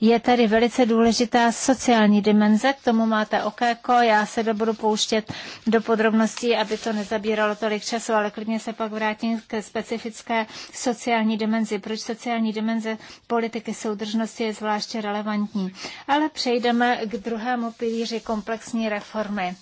je tady velice důležitá sociální dimenze, k tomu máte okéko, já se budu pouštět do podrobností, aby to nezabíralo tolik času, ale klidně se pak vrátím k specifické sociální dimenze dimenzi, proč sociální dimenze politiky soudržnosti je zvláště relevantní. Ale přejdeme k druhému pilíři komplexní reformy.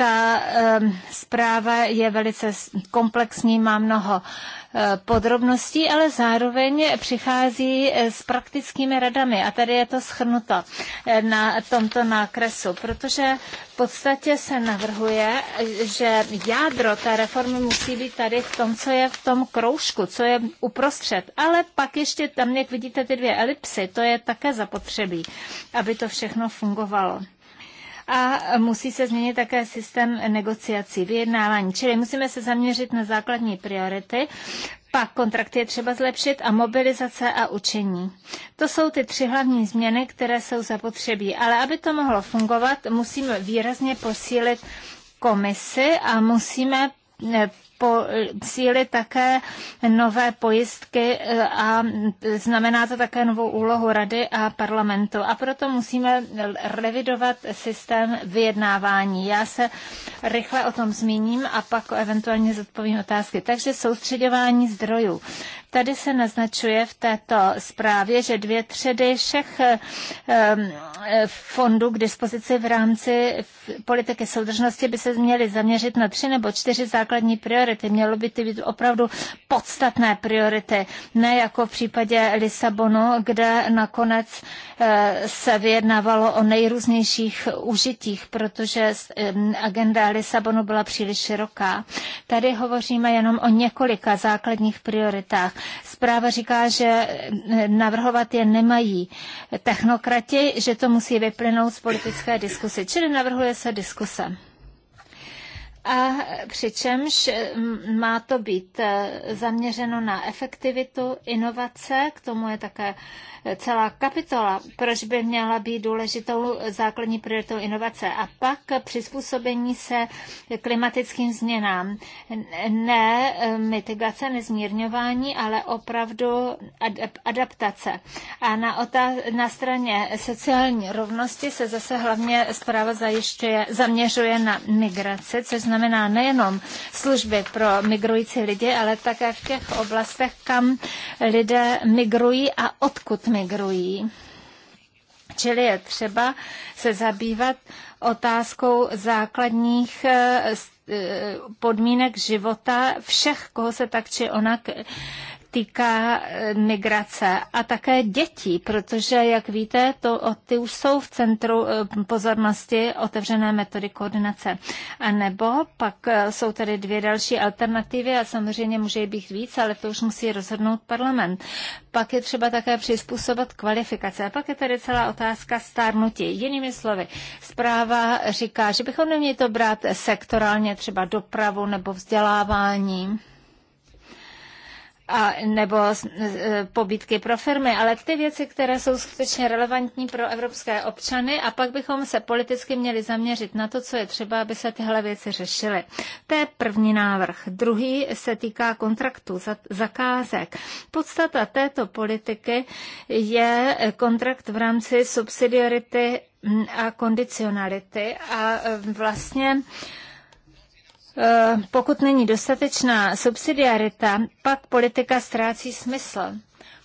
Ta ehm, zpráva je velice komplexní, má mnoho e, podrobností, ale zároveň přichází e, s praktickými radami. A tady je to schrnuto e, na tomto nákresu, protože v podstatě se navrhuje, že jádro té reformy musí být tady v tom, co je v tom kroužku, co je uprostřed. Ale pak ještě tam, jak vidíte ty dvě elipsy, to je také zapotřebí, aby to všechno fungovalo a musí se změnit také systém negociací, vyjednávání. Čili musíme se zaměřit na základní priority, pak kontrakty je třeba zlepšit a mobilizace a učení. To jsou ty tři hlavní změny, které jsou zapotřebí. Ale aby to mohlo fungovat, musíme výrazně posílit komisy a musíme eh, posílit také nové pojistky eh, a znamená to také novou úlohu rady a parlamentu. A proto musíme revidovat systém vyjednávání. Já se rychle o tom zmíním a pak eventuálně zodpovím otázky. Takže soustředování zdrojů. Tady se naznačuje v této zprávě, že dvě tředy všech eh, fondů k dispozici v rámci politiky soudržnosti by se měly zaměřit na tři nebo čtyři základní priority. Mělo by to být opravdu podstatné priority, ne jako v případě Lisabonu, kde nakonec Eh, se vyjednávalo o nejrůznějších užitích, protože agenda Lisabonu byla příliš široká. Tady hovoříme jenom o několika základních prioritách. Zpráva říká, že eh, navrhovat je nemají technokrati, že to musí vyplynout z politické diskuse, čili navrhuje se diskuse. A přičemž má to být e, zaměřeno na efektivitu, inovace, k tomu je také e, celá kapitola, proč by měla být důležitou základní prioritou inovace. A pak přizpůsobení se klimatickým změnám. Ne e, mitigace, nezmírňování, ale opravdu adaptace. A na, otá- na straně sociální rovnosti se zase hlavně zpráva zajišťuje, zaměřuje na migraci, což znamená nejenom služby pro migrující lidi, ale také v těch oblastech, kam lidé migrují a odkud migrují. Čili je třeba se zabývat otázkou základních eh, eh, podmínek života všech, koho se tak či onak týká eh, migrace a také dětí, protože, jak víte, to, ty už jsou v centru eh, pozornosti otevřené metody koordinace. A nebo pak eh, jsou tady dvě další alternativy a samozřejmě může být víc, ale to už musí rozhodnout parlament. Pak je třeba také přizpůsobit kvalifikace. A pak je tady celá otázka stárnutí. Jinými slovy, zpráva říká, že bychom neměli to brát sektorálně, třeba dopravu nebo vzdělávání a, nebo e, pobídky pro firmy, ale ty věci, které jsou skutečně relevantní pro evropské občany a pak bychom se politicky měli zaměřit na to, co je třeba, aby se tyhle věci řešily. To je první návrh. Druhý se týká kontraktů, zakázek. Podstata této politiky je kontrakt v rámci subsidiarity a kondicionality a e, vlastně Eh, pokud není dostatečná subsidiarita, pak politika ztrácí smysl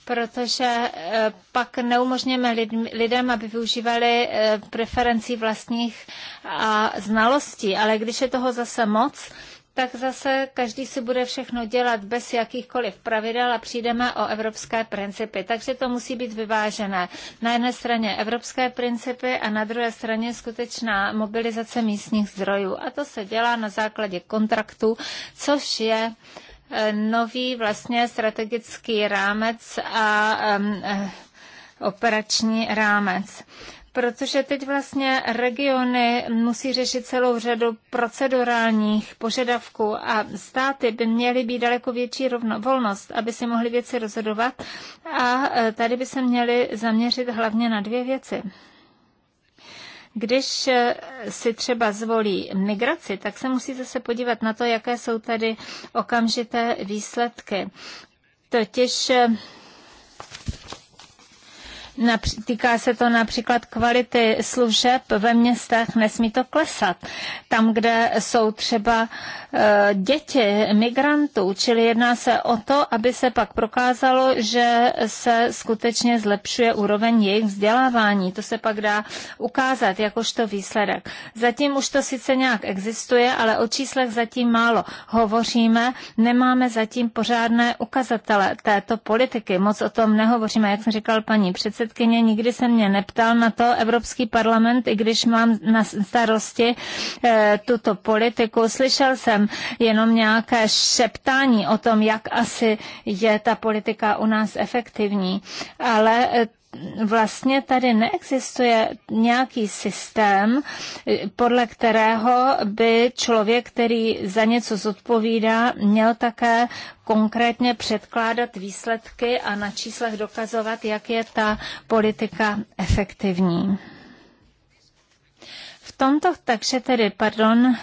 protože eh, pak neumožněme lidem, aby využívali eh, preferencí vlastních a znalostí, ale když je toho zase moc, tak zase každý si bude všechno dělat bez jakýchkoliv pravidel a přijdeme o evropské principy. Takže to musí být vyvážené. Na jedné straně evropské principy a na druhé straně skutečná mobilizace místních zdrojů. A to se dělá na základě kontraktu, což je eh, nový vlastně strategický rámec a um, operační rámec protože teď vlastně regiony musí řešit celou řadu procedurálních požadavků a státy by měly být daleko větší rovno, volnost, aby si mohly věci rozhodovat a e, tady by se měly zaměřit hlavně na dvě věci. Když e, si třeba zvolí migraci, tak se musí zase podívat na to, jaké jsou tady okamžité výsledky. Totiž e, Týká se to například kvality služeb ve městech, nesmí to klesat. Tam, kde jsou třeba eh, děti migrantů, čili jedná se o to, aby se pak prokázalo, že se skutečně zlepšuje úroveň jejich vzdělávání. To se pak dá ukázat jakožto výsledek. Zatím už to sice nějak existuje, ale o číslech zatím málo hovoříme. Nemáme zatím pořádné ukazatele této politiky. Moc o tom nehovoříme, jak jsem říkal paní předsedkyně předsedkyně, nikdy se mě neptal na to Evropský parlament, i když mám na starosti e, tuto politiku. Slyšel jsem jenom nějaké šeptání o tom, jak asi je ta politika u nás efektivní, ale eh, vlastně tady neexistuje nějaký systém, podle kterého by člověk, který za něco zodpovídá, měl také konkrétně předkládat výsledky a na číslech dokazovat, jak je ta politika efektivní. V tomto, takže tedy, pardon,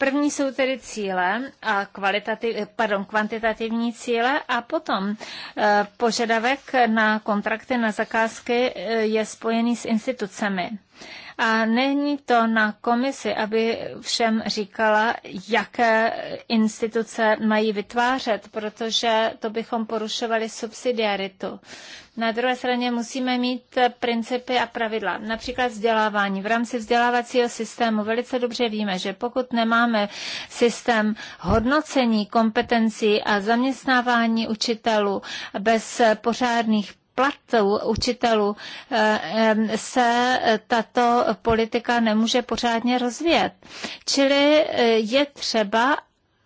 První jsou tedy cíle a kvalitativ, pardon, kvantitativní cíle a potom eh, požadavek na kontrakty na zakázky eh, je spojený s institucemi. A není to na komisi, aby všem říkala, jaké instituce mají vytvářet, protože to bychom porušovali subsidiaritu. Na druhé straně musíme mít eh, principy a pravidla. Například vzdělávání. V rámci vzdělávacího systému velice dobře víme, že pokud nemáme systém hodnocení kompetencí a zaměstnávání učitelů bez pořádných platů učitelů eh, se eh, tato politika nemůže pořádně rozvíjet. Čili je třeba,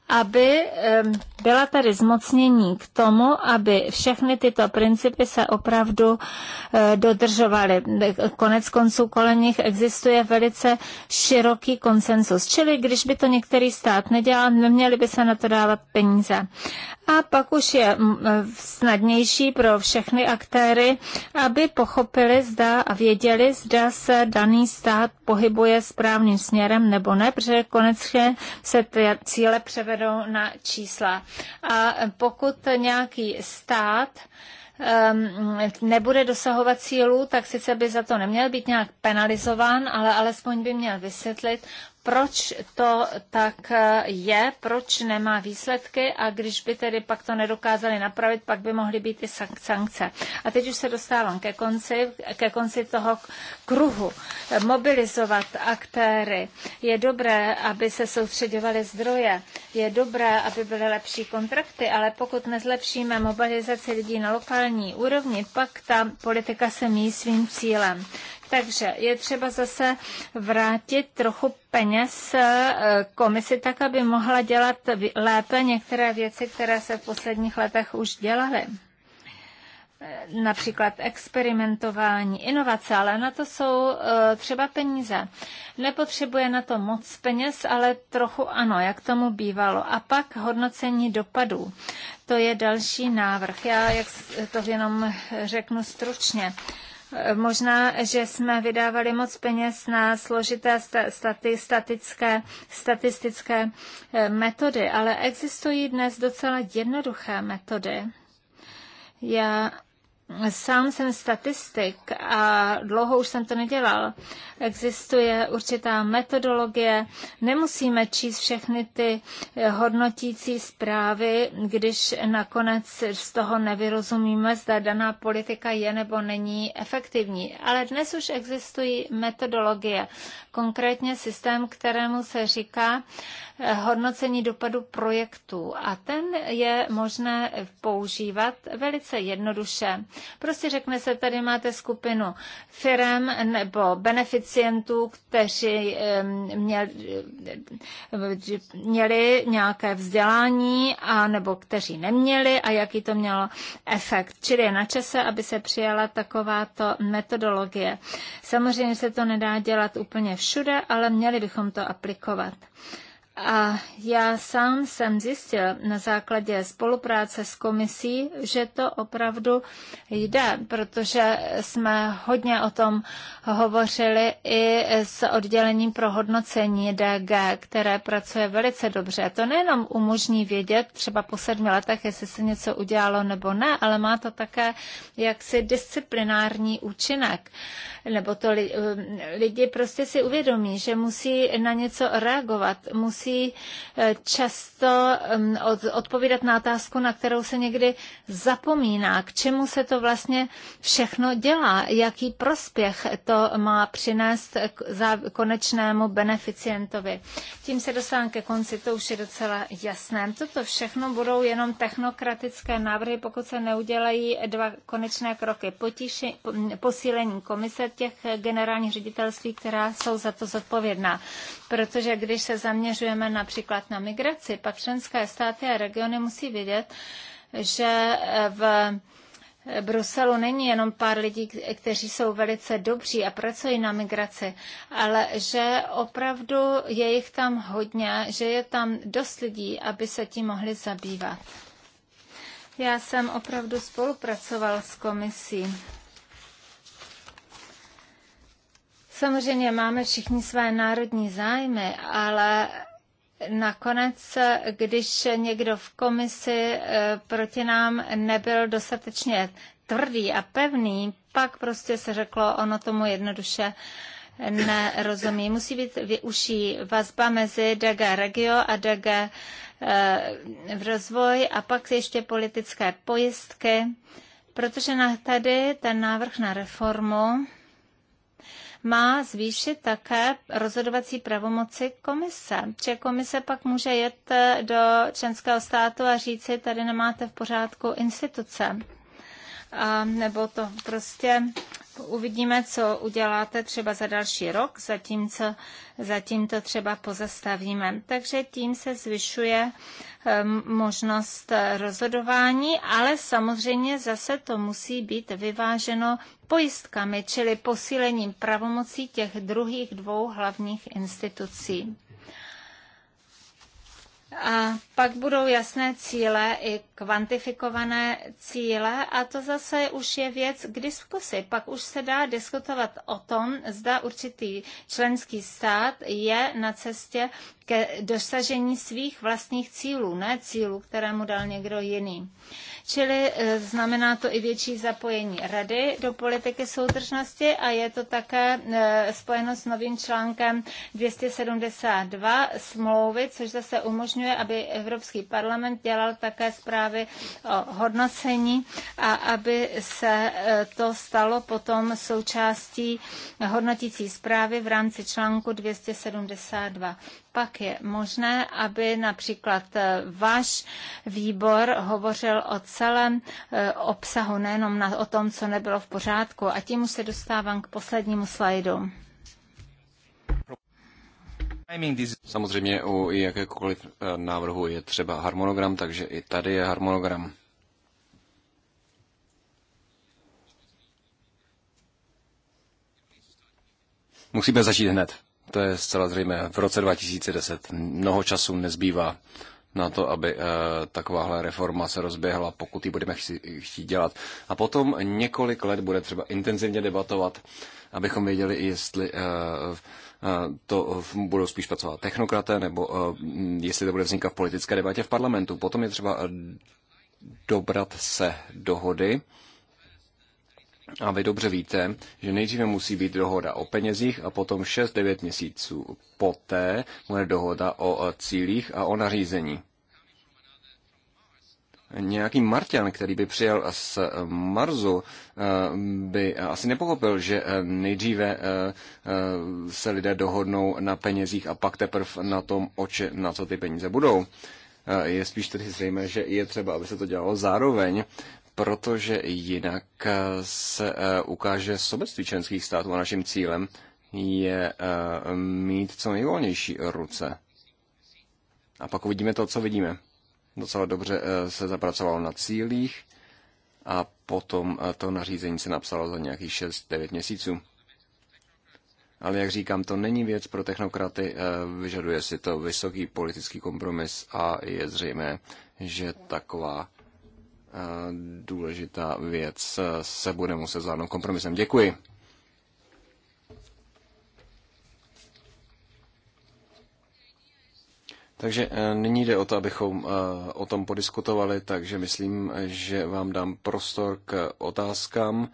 aby byla tady zmocnění k tomu, aby všechny tyto principy se opravdu e, dodržovaly. Konec konců kolem nich existuje velice široký konsensus. Čili když by to některý stát nedělal, neměli by se na to dávat peníze. A pak už je e, snadnější pro všechny aktéry, aby pochopili zda a věděli, zda se daný stát pohybuje správným směrem nebo ne, protože konec se ty cíle převedou vedou na čísla. A pokud nějaký stát um, nebude dosahovat cílů, tak sice by za to neměl být nějak penalizován, ale alespoň by měl vysvětlit, proč to tak je, proč nemá výsledky a když by tedy pak to nedokázali napravit, pak by mohly být i sankce. A teď už se dostávám ke konci, ke konci toho kruhu. Mobilizovat aktéry. Je dobré, aby se soustředovaly zdroje. Je dobré, aby byly lepší kontrakty, ale pokud nezlepšíme mobilizaci lidí na lokální úrovni, pak ta politika se míjí svým cílem. Takže je třeba zase vrátit trochu peněz eh, komisi tak, aby mohla dělat lépe některé věci, které se v posledních letech už dělaly eh, například experimentování, inovace, ale na to jsou eh, třeba peníze. Nepotřebuje na to moc peněz, ale trochu ano, jak tomu bývalo. A pak hodnocení dopadů. To je další návrh. Já jak to jenom řeknu stručně. Možná, že jsme vydávali moc peněz na složité stati, statické, statistické eh, metody, ale existují dnes docela jednoduché metody. Já Sám jsem statistik a dlouho už jsem to nedělal. Existuje určitá metodologie, nemusíme číst všechny ty hodnotící zprávy, když nakonec z toho nevyrozumíme, zda daná politika je nebo není efektivní. Ale dnes už existují metodologie, konkrétně systém, kterému se říká hodnocení dopadu projektů a ten je možné používat velice jednoduše. Prostě řekne se, tady máte skupinu firm nebo beneficientů, kteří měli nějaké vzdělání a nebo kteří neměli a jaký to mělo efekt. Čili je na čase, aby se přijala takováto metodologie. Samozřejmě se to nedá dělat úplně všude, ale měli bychom to aplikovat. A já sám jsem zjistil na základě spolupráce s komisí, že to opravdu jde, protože jsme hodně o tom hovořili i s oddělením pro hodnocení DG, které pracuje velice dobře. To nejenom umožní vědět třeba po sedmi letech, jestli se něco udělalo nebo ne, ale má to také jaksi disciplinární účinek. Nebo to lidi prostě si uvědomí, že musí na něco reagovat, musí musí eh, často mm, odpovídat na otázku, na kterou se někdy zapomíná, k čemu se to vlastně všechno dělá, jaký prospěch to má přinést k konečnému beneficientovi. Tím se dostávám ke konci, to už je docela jasné. Toto všechno budou jenom technokratické návrhy, pokud se neudělají dva konečné kroky. Potíši, posílení komise těch generálních ředitelství, která jsou za to zodpovědná. Protože když se zaměřujeme pracujeme například na migraci, pak členské státy a regiony musí vědět, že v Bruselu není jenom pár lidí, kteří jsou velice dobří a pracují na migraci, ale že opravdu je jich tam hodně, že je tam dost lidí, aby se tím mohli zabývat. Já jsem opravdu spolupracoval s komisí. Samozřejmě máme všichni své národní zájmy, ale nakonec, když někdo v komisi eh, proti nám nebyl dostatečně tvrdý a pevný, pak prostě se řeklo, ono tomu jednoduše nerozumí. Musí být užší vazba mezi DG Regio a DG e, eh, v rozvoj a pak ještě politické pojistky, protože na tady ten návrh na reformu má zvýšit také rozhodovací pravomoci komise. Či komise pak může jet eh, do členského státu a říci, tady nemáte v pořádku instituce. A, nebo to prostě uvidíme, co uděláte třeba za další rok, co, zatím to třeba pozastavíme. Takže tím se zvyšuje ehm, možnost eh, rozhodování, ale samozřejmě zase to musí být vyváženo pojistkami, čili posílením pravomocí těch druhých dvou hlavních institucí. A pak budou jasné cíle i kvantifikované cíle a to zase už je věc k diskusi. Pak už se dá diskutovat o tom, zda určitý členský stát je na cestě ke dosažení svých vlastních cílů, ne cílů, které mu dal někdo jiný. Čili eh, znamená to i větší zapojení rady do politiky soudržnosti a je to také eh, spojeno s novým článkem 272 smlouvy, což zase umožňuje, aby Evropský parlament dělal také zprávy o hodnocení a aby se eh, to stalo potom součástí hodnotící zprávy v rámci článku 272 pak je možné, aby například eh, váš výbor hovořil o celém eh, obsahu, nejenom na, o tom, co nebylo v pořádku. A tím už se dostávám k poslednímu slajdu. Samozřejmě u jakékoliv eh, návrhu je třeba harmonogram, takže i tady je harmonogram. Musíme začít hned. To je zcela zřejmé. V roce 2010 mnoho času nezbývá na to, aby eh, takováhle reforma se rozběhla, pokud ji budeme chtít dělat. A potom několik let bude třeba intenzivně debatovat, abychom věděli, jestli eh, eh, to budou spíš pracovat technokraté, nebo jestli to bude vznikat v politické debatě v parlamentu. Potom je třeba dobrat se dohody a vy dobře víte, že nejdříve musí být dohoda o penězích a potom 6-9 měsíců poté bude dohoda o cílích a o nařízení. Nějaký Martian, který by přijel z Marzu, eh, by asi nepochopil, že eh, nejdříve eh, se lidé dohodnou na penězích a pak teprve na tom, oči, na co ty peníze budou je spíš tedy zřejmé, že je třeba, aby se to dělalo zároveň protože jinak eh, se eh, ukáže sobectví členských států a naším cílem je eh, mít co nejvolnější ruce. A pak uvidíme to, co vidíme. Docela dobře se zapracovalo na cílích a potom to nařízení se napsalo za nějakých 6-9 měsíců. Ale jak říkám, to není věc pro technokraty, vyžaduje si to vysoký politický kompromis a je zřejmé, že taková důležitá věc eh, se bude muset zvládnout kompromisem. Děkuji. Takže eh, nyní jde o to, abychom eh, o tom podiskutovali, takže myslím, že vám dám prostor k otázkám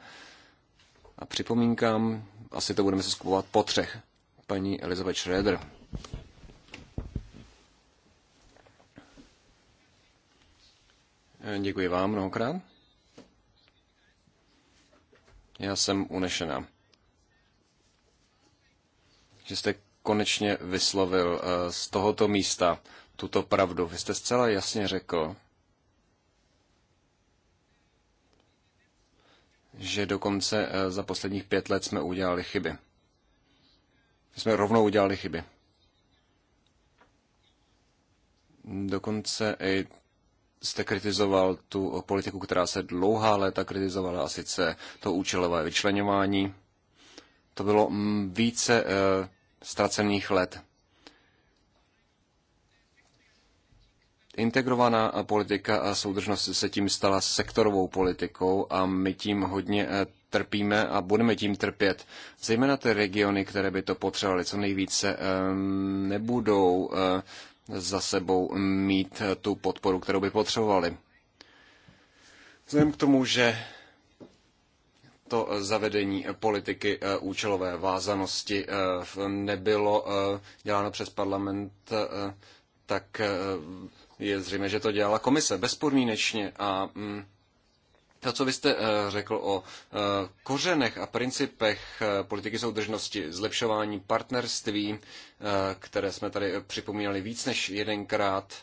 a připomínkám. Asi to budeme se skupovat po třech. Paní Elizabeth Schroeder. Eh, děkuji vám mnohokrát. Já jsem unešená, že jste konečně vyslovil eh, z tohoto místa tuto pravdu. Vy jste zcela jasně řekl, že dokonce eh, za posledních pět let jsme udělali chyby. My jsme rovnou udělali chyby. Dokonce i jste kritizoval tu politiku, která se dlouhá léta kritizovala, a sice to účelové vyčlenování. To bylo mm, více e, ztracených let. Integrovaná eh, politika a soudržnost se tím stala sektorovou politikou a my tím hodně eh, trpíme a budeme tím trpět. Zejména ty regiony, které by to potřebovaly co nejvíce, nebudou za sebou mít tu podporu, kterou by potřebovali. Vzhledem k tomu, že to zavedení politiky eh, účelové vázanosti eh, nebylo eh, děláno přes parlament, tak je zřejmé, že to dělala komise bezpodmínečně a mm, to, co vy jste eh, řekl o eh, kořenech a principech eh, politiky soudržnosti, zlepšování partnerství, které jsme tady připomínali víc než jedenkrát,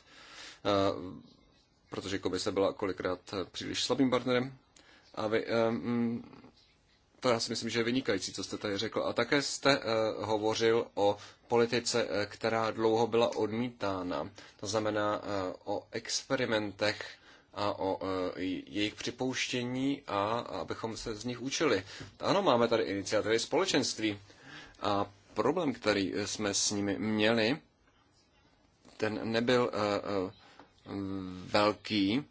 protože komise byla kolikrát příliš slabým partnerem. A vy, mm, to já si myslím, že je vynikající, co jste tady řekl. A také jste hovořil o politice, která dlouho byla odmítána. To znamená o experimentech, a o e, jejich připouštění a abychom se z nich učili. Ano, máme tady iniciativy společenství a problém, který jsme s nimi měli, ten nebyl e, e, velký,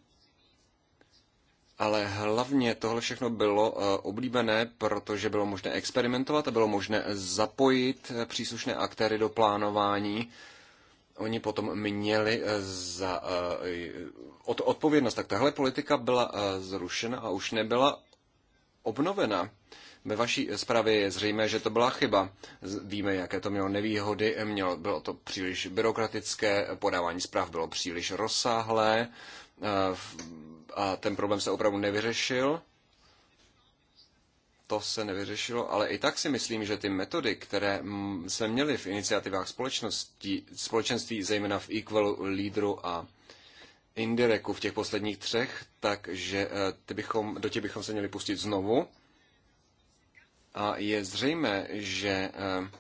ale hlavně tohle všechno bylo oblíbené, protože bylo možné experimentovat a bylo možné zapojit příslušné aktéry do plánování oni potom měli eh, za eh, od, odpovědnost. Tak tahle politika byla eh, zrušena a už nebyla obnovena. Ve vaší zprávě je zřejmé, že to byla chyba. Víme, jaké to mělo nevýhody. Mělo, bylo to příliš byrokratické, podávání zpráv bylo příliš rozsáhlé a ten problém se opravdu nevyřešil to se nevyřešilo, ale i tak si myslím, že ty metody, které se měli v iniciativách společnosti, společenství, zejména v Equal, Leaderu a Indireku v těch posledních třech, takže eh, ty bychom, do těch bychom se měli pustit znovu. A je zřejmé, že eh,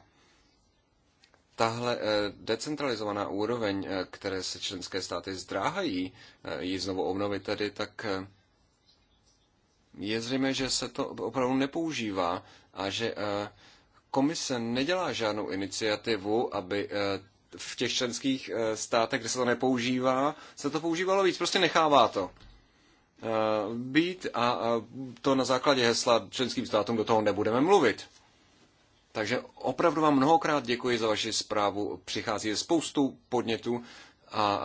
tahle eh, decentralizovaná úroveň, které se členské státy zdráhají ji znovu obnovit tedy, tak je zřejmé, že se to opravdu nepoužívá a že eh, komise nedělá žádnou iniciativu, aby eh, v těch členských eh, státech, kde se to nepoužívá, se to používalo víc. Prostě nechává to být a to na základě hesla členským státům do toho nebudeme mluvit. Takže opravdu vám mnohokrát děkuji za vaši zprávu. Přichází spoustu podnětů a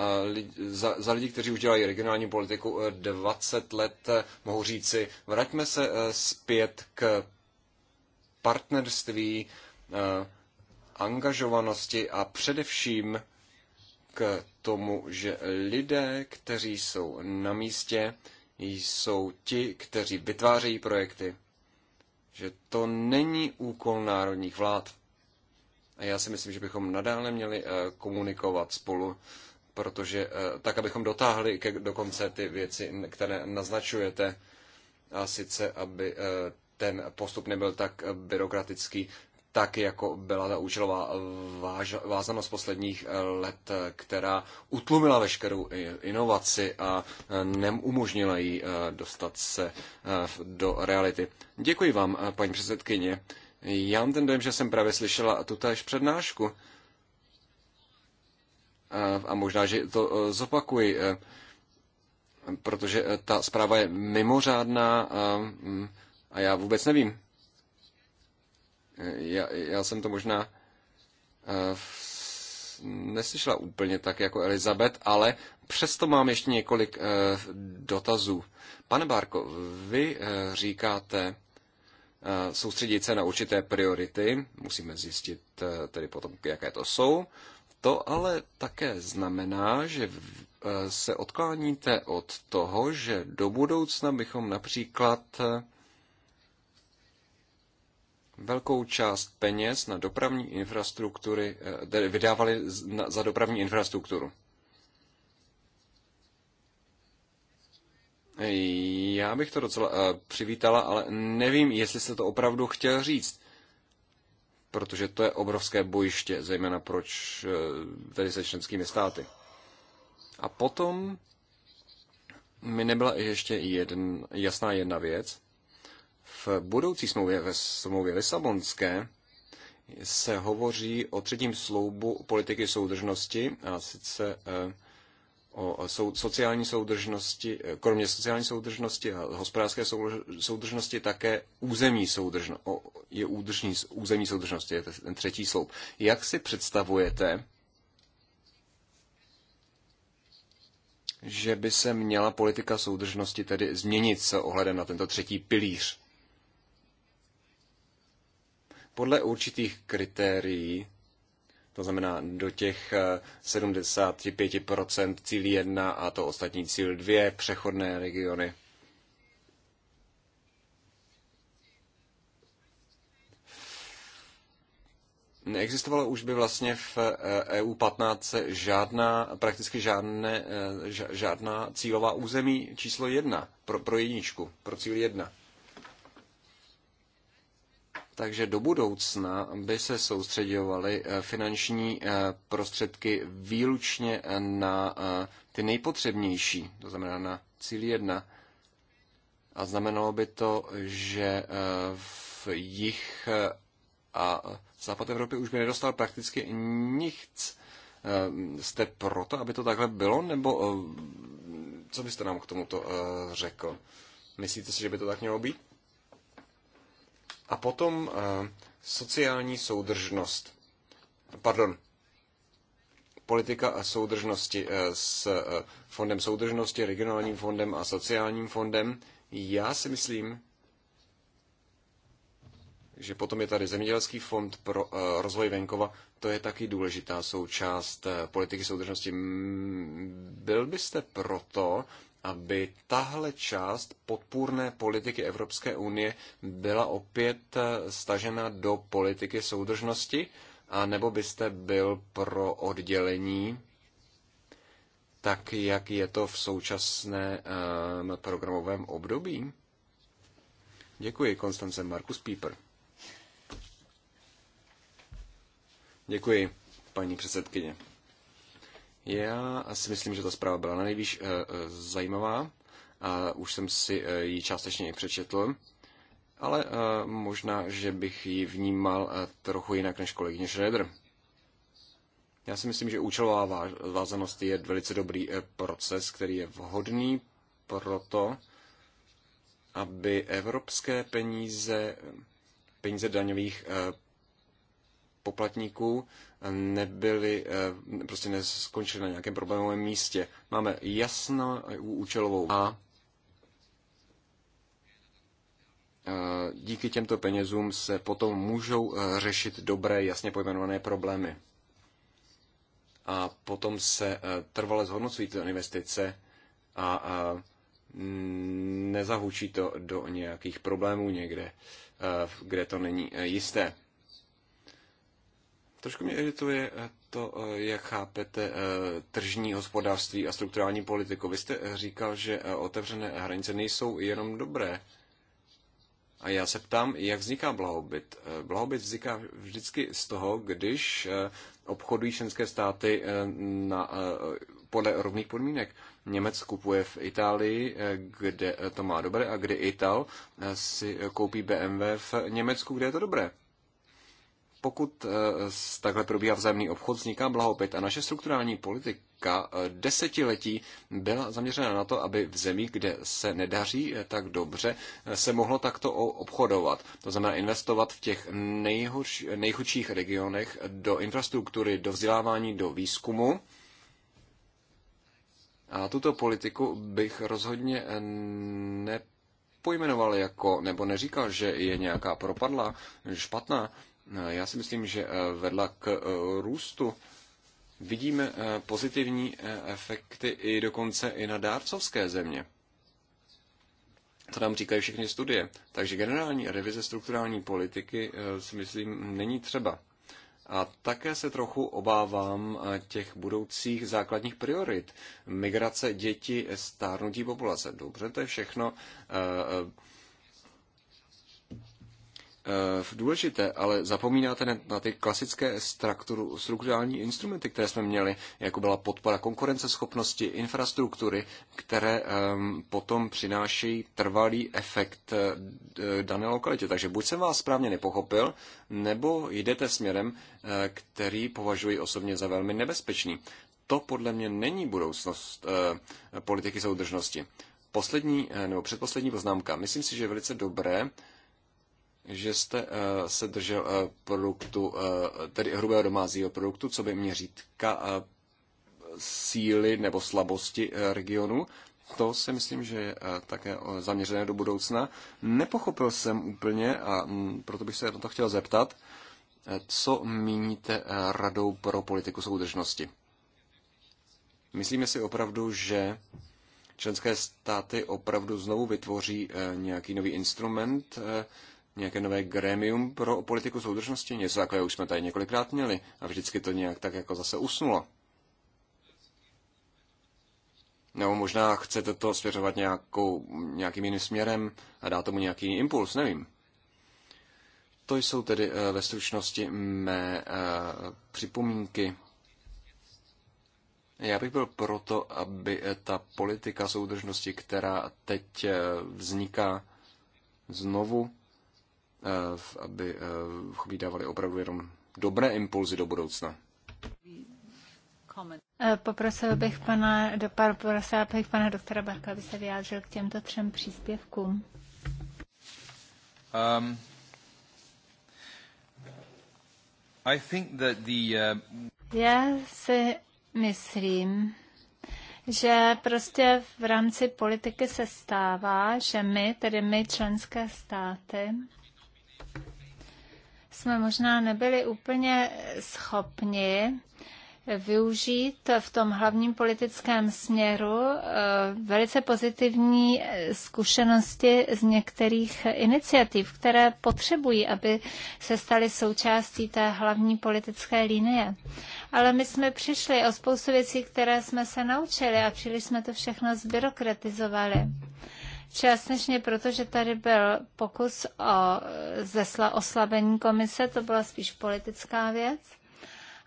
za, za lidi, kteří už dělají regionální politiku 20 eh, let, eh, mohu říci, vraťme se eh, zpět k partnerství, angažovanosti a především k tomu, že lidé, kteří jsou na místě, jsou ti, kteří vytvářejí projekty. Že to není úkol národních vlád. A já si myslím, že bychom nadále měli komunikovat spolu protože eh, tak, abychom dotáhli ke, dokonce ty věci, které naznačujete, a sice, aby eh, ten postup nebyl tak eh, byrokratický, tak jako byla ta účelová váž, vázanost posledních let, která utlumila veškerou inovaci a neumožnila jí dostat se do reality. Děkuji vám, paní předsedkyně. Já mám ten dojem, že jsem právě slyšela tutéž přednášku a možná, že to eh, zopakuji, eh, protože eh, ta zpráva je mimořádná mm, a já vůbec nevím. Já, já jsem to možná neslyšela úplně tak jako Elizabeth, ale přesto mám ještě několik dotazů. Pane Bárko, vy říkáte, soustředit se na určité priority, musíme zjistit tedy potom, jaké to jsou, to ale také znamená, že eh, se odkláníte od toho, že do budoucna bychom například eh, velkou část peněz na dopravní infrastruktury eh, vydávali za dopravní infrastrukturu. Já bych to docela přivítala, ale nevím, jestli se to opravdu chtěl říct protože to je obrovské bojiště, zejména proč eh, tady se členskými státy. A potom mi nebyla ještě jedn, jasná jedna věc. V budoucí smlouvě, ve smlouvě Lisabonské, se hovoří o třetím sloubu politiky soudržnosti, a sice eh, o sociální soudržnosti, kromě sociální soudržnosti a hospodářské soudržnosti také územní soudržnosti, je údržní, územní soudržnosti, je ten třetí sloup. Jak si představujete, že by se měla politika soudržnosti tedy změnit se ohledem na tento třetí pilíř? Podle určitých kritérií to znamená do těch 75% eh, cíl 1 a to ostatní cíl 2, přechodné regiony. Neexistovalo už by vlastně v EU eh, e 15 žádná, prakticky žádné, eh, žádná cílová území číslo 1 pro, pro jedničku, pro cíl 1 takže do budoucna by se soustředovaly eh, finanční eh, prostředky výlučně eh, na ty nejpotřebnější, to znamená na cíl jedna. A znamenalo by to, že v jich a západ Evropy už by nedostal prakticky nic. Jste proto, aby to takhle bylo, nebo co byste nám k tomuto řekl? Myslíte si, že by to tak mělo být? A potom eh, sociální soudržnost. Pardon, politika a soudržnosti eh, s eh, Fondem soudržnosti, regionálním fondem a sociálním fondem. Já si myslím, že potom je tady Zemědělský fond pro rozvoj venkova. To je taky důležitá součást politiky soudržnosti. Byl byste proto, aby tahle část podpůrné politiky Evropské unie byla opět eh, stažena do politiky soudržnosti, a nebo byste byl pro oddělení, tak jak je to v současném eh, programovém období? Děkuji, Konstance Markus Pieper. Děkuji, paní předsedkyně. Já si myslím, že ta zpráva byla na nejvíc eh, eh, zajímavá a už jsem si eh, ji částečně i přečetl, ale možná, že bych ji vnímal trochu jinak než kolegyně Schroeder. Já si myslím, že účelová vázanost je velice dobrý proces, který je vhodný pro to, aby evropské peníze, peníze daňových poplatníků nebyly, eh, prostě neskončily na nějakém problémovém místě. Máme jasnou eh, účelovou a eh, díky těmto penězům se potom můžou řešit dobré, jasně pojmenované problémy. A potom se trvale zhodnocují ty investice a nezahučí to do nějakých problémů někde, kde to není jisté. Trošku mě irituje eh, to, eh, jak chápete eh, tržní hospodářství a strukturální politiku. Vy jste říkal, že otevřené hranice nejsou jenom dobré. A já se ptám, jak vzniká blahobyt. Blahobyt vzniká vždycky z toho, když obchodují členské státy na, podle rovných podmínek. Němec kupuje v Itálii, kde to má dobré, a kdy Ital si koupí BMW v Německu, kde je to dobré. Pokud eh, takhle probíhá vzájemný obchod, vzniká blahopit a naše strukturální politika eh, desetiletí byla zaměřena na to, aby v zemi, kde se nedaří eh, tak dobře, se mohlo takto obchodovat. To znamená investovat v těch nejhorš, nejchudších regionech do infrastruktury, do vzdělávání, do výzkumu. A tuto politiku bych rozhodně nepojmenoval jako, nebo neříkal, že je nějaká propadla, špatná. Eh, já si myslím, že eh, vedla k eh, růstu. Vidíme pozitivní efekty i dokonce i na dárcovské země. To nám říkají všechny studie. Takže generální revize strukturální politiky si myslím není třeba. A také se trochu obávám těch budoucích základních priorit. Migrace, děti, stárnutí populace. Dobře, to je všechno Eh, důležité, ale zapomínáte na ty klasické strukturu, strukturální instrumenty, které jsme měli, jako byla podpora konkurenceschopnosti, infrastruktury, které ehm, potom přinášejí trvalý efekt eh, eh, dané lokalitě. Takže buď jsem vás správně nepochopil, nebo jdete směrem, který považuji osobně za velmi nebezpečný. To podle mě není budoucnost politiky soudržnosti. Poslední, nebo předposlední poznámka. Myslím si, že je velice dobré, že jste eh, se držel eh, produktu, eh, tedy hrubého domácího produktu, co by měřítka síly nebo slabosti regionu. To si myslím, že je také zaměřené do budoucna. Nepochopil jsem úplně a mm, proto bych se na to chtěl zeptat, co míníte radou pro politiku soudržnosti. Myslíme si opravdu, že členské státy opravdu znovu vytvoří nějaký nový instrument, nějaké nové grémium pro politiku soudržnosti. Něco takového už jsme tady několikrát měli a vždycky to nějak tak jako zase usnulo. Nebo možná chcete to směřovat nějakou, nějakým jiným směrem a dát tomu nějaký impuls, nevím. To jsou tedy eh, ve stručnosti mé eh, připomínky. Já bych byl proto, aby eh, ta politika soudržnosti, která teď vzniká, znovu Eh, aby jí eh, dávali opravdu jenom dobré impulzy do budoucna. Eh, poprosil bych pana, dopar, poprosil bych pana doktora Barka, aby se vyjádřil k těmto třem příspěvkům. Um, I think that the, uh... Já si myslím, že prostě v rámci politiky se stává, že my, tedy my členské státy, jsme možná nebyli úplně schopni využít v tom hlavním politickém směru eh, velice pozitivní zkušenosti z některých iniciativ, které potřebují, aby se staly součástí té hlavní politické linie. Ale my jsme přišli o spoustu věcí, které jsme se naučili a příliš jsme to všechno zbyrokratizovali. Částečně proto, že tady byl pokus o zesla oslabení komise, to byla spíš politická věc,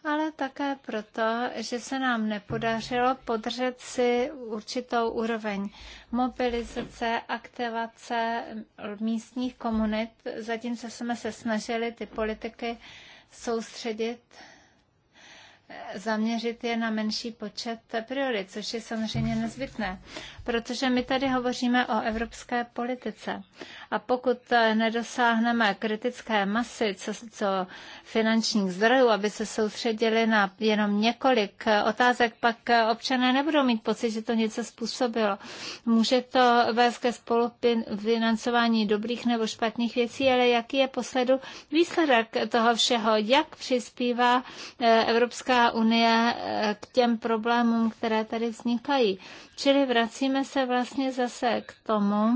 ale také proto, že se nám nepodařilo podržet si určitou úroveň mobilizace, aktivace místních komunit, zatímco jsme se snažili ty politiky soustředit zaměřit je na menší počet priorit, což je samozřejmě nezbytné, protože my tady hovoříme o evropské politice. A pokud eh, nedosáhneme kritické masy, co, co finančních zdrojů, aby se soustředili na jenom několik eh, otázek, pak eh, občané nebudou mít pocit, že to něco způsobilo. Může to vést ke spolufinancování dobrých nebo špatných věcí, ale jaký je posledu výsledek toho všeho? Jak přispívá Evropská unie k těm problémům, které tady vznikají? Čili vracíme se vlastně zase k tomu,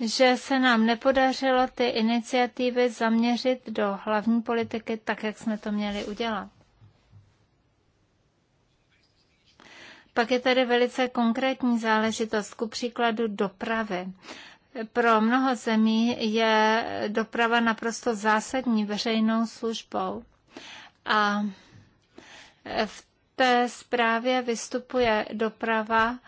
že se nám nepodařilo ty iniciativy zaměřit do hlavní politiky tak, jak jsme to měli udělat. Pak je tady velice konkrétní záležitost, ku příkladu dopravy. Pro mnoho zemí je doprava naprosto zásadní veřejnou službou. A v té zprávě vystupuje doprava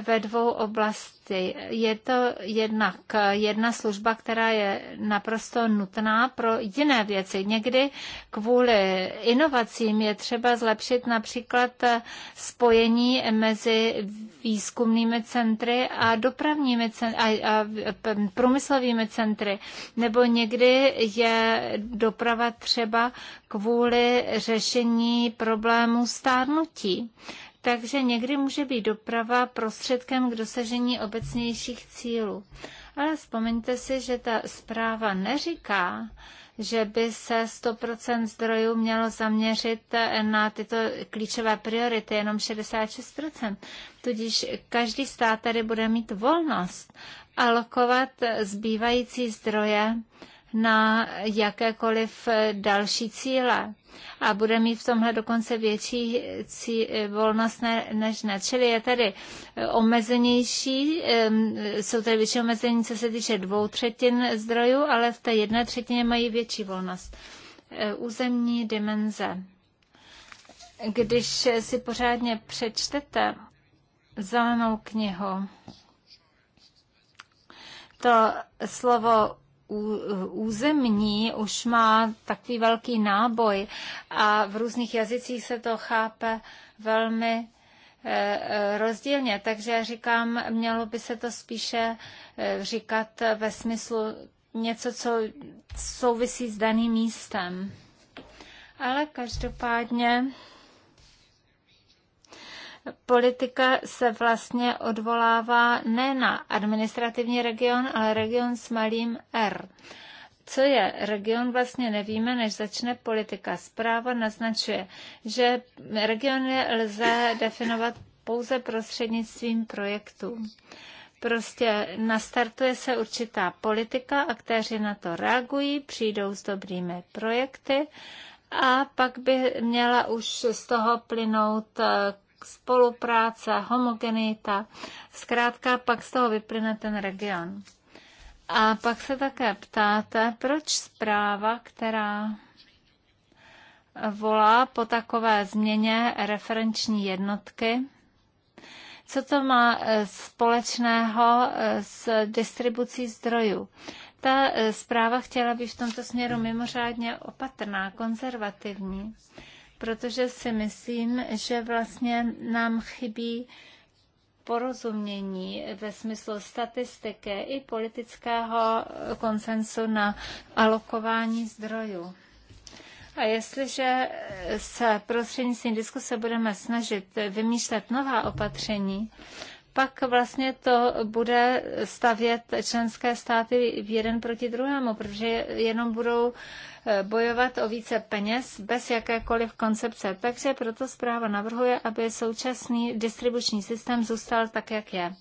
ve dvou oblasti. Je to jednak jedna služba, která je naprosto nutná pro jiné věci. Někdy kvůli inovacím je třeba zlepšit například spojení mezi výzkumnými centry a dopravními centry, a, a průmyslovými centry. Nebo někdy je doprava třeba kvůli řešení problémů stárnutí takže někdy může být doprava prostředkem k dosažení obecnějších cílů. Ale vzpomeňte si, že ta zpráva neříká, že by se 100% zdrojů mělo zaměřit eh, na tyto klíčové priority, jenom 66%. Tudíž každý stát tady bude mít volnost alokovat eh, zbývající zdroje na jakékoliv další cíle a bude mít v tomhle dokonce větší cí, eh, volnost ne, než ne. Čili je tady eh, omezenější, jsou tady větší omezení, co se týče dvou třetin zdrojů, ale v té jedné třetině mají větší volnost. Eh, územní dimenze. Když si pořádně přečtete zelenou knihu, to slovo územní už má takový velký náboj a v různých jazycích se to chápe velmi eh, eh, rozdílně. Takže já říkám, mělo by se to spíše eh, říkat ve smyslu něco, co souvisí s daným místem. Ale každopádně politika se vlastně odvolává ne na administrativní region, ale region s malým R. Co je region, vlastně nevíme, než začne politika. Zpráva naznačuje, že regiony lze definovat pouze prostřednictvím projektů. Prostě nastartuje se určitá politika, aktéři na to reagují, přijdou s dobrými projekty a pak by měla už z toho plynout eh, spolupráce, homogenita. Zkrátka pak z toho vyplyne ten region. A pak se také ptáte, proč zpráva, která volá po takové změně referenční jednotky, co to má eh, společného eh, s distribucí zdrojů. Ta eh, zpráva chtěla být v tomto směru mimořádně opatrná, konzervativní protože si myslím, že vlastně nám chybí porozumění ve smyslu statistiky i politického konsensu na alokování zdrojů. A jestliže se prostřednictvím diskuse budeme snažit vymýšlet nová opatření, pak vlastně to bude stavět členské státy jeden proti druhému, protože jenom budou bojovat o více peněz bez jakékoliv koncepce. Takže proto zpráva navrhuje, aby současný distribuční systém zůstal tak, jak je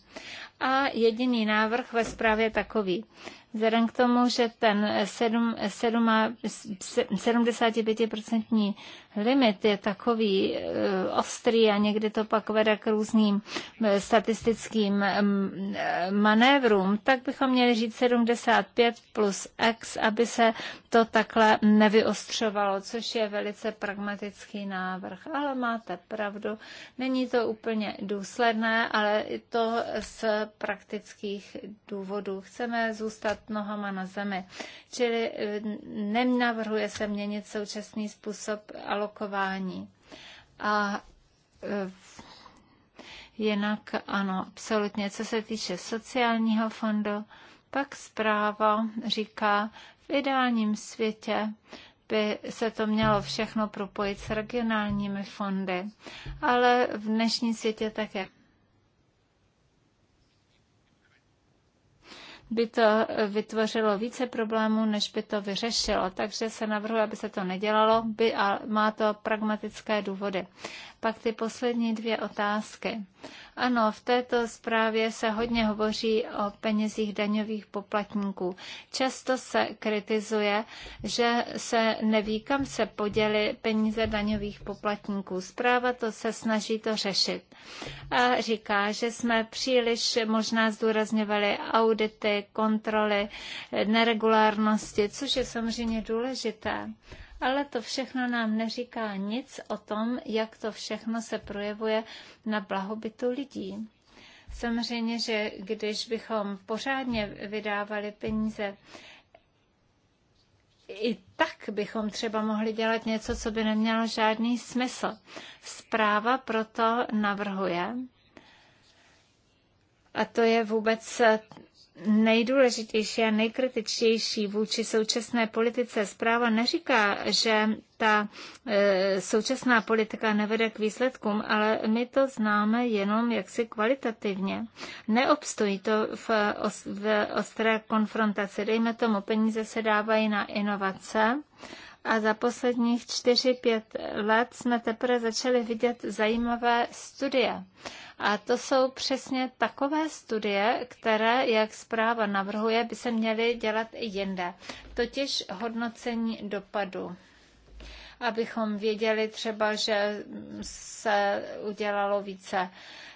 a jediný návrh ve zprávě je takový. Vzhledem k tomu, že ten 75% limit je takový eh, ostrý a někdy to pak vede k různým eh, statistickým mm, eh, manévrům, tak bychom měli říct 75 plus x, aby se to takhle nevyostřovalo, což je velice pragmatický návrh. Ale máte pravdu, není to úplně důsledné, ale to s praktických důvodů. Chceme zůstat nohama na zemi. Čili eh, nenavrhuje se měnit současný způsob alokování. A eh, jinak ano, absolutně. Co se týče sociálního fondu, pak zpráva říká, v ideálním světě by se to mělo všechno propojit s regionálními fondy, ale v dnešním světě tak jak by to vytvořilo více problémů, než by to vyřešilo. Takže se navrhuje, aby se to nedělalo, by a má to pragmatické důvody. Pak ty poslední dvě otázky. Ano, v této zprávě se hodně hovoří o penězích daňových poplatníků. Často se kritizuje, že se neví, kam se poděly peníze daňových poplatníků. Zpráva to se snaží to řešit. A říká, že jsme příliš možná zdůrazňovali audity, kontroly, neregulárnosti, což je samozřejmě důležité ale to všechno nám neříká nic o tom, jak to všechno se projevuje na blahobytu lidí. Samozřejmě, že když bychom pořádně vydávali peníze, i tak bychom třeba mohli dělat něco, co by nemělo žádný smysl. Zpráva proto navrhuje, a to je vůbec nejdůležitější a nejkritičtější vůči současné politice zpráva neříká, že ta e, současná politika nevede k výsledkům, ale my to známe jenom jaksi kvalitativně. Neobstojí to v, os, v ostré konfrontaci. Dejme tomu, peníze se dávají na inovace a za posledních 4-5 let jsme teprve začali vidět zajímavé studie. A to jsou přesně takové studie, které, jak zpráva navrhuje, by se měly dělat i jinde, totiž hodnocení dopadu abychom věděli třeba, že se udělalo více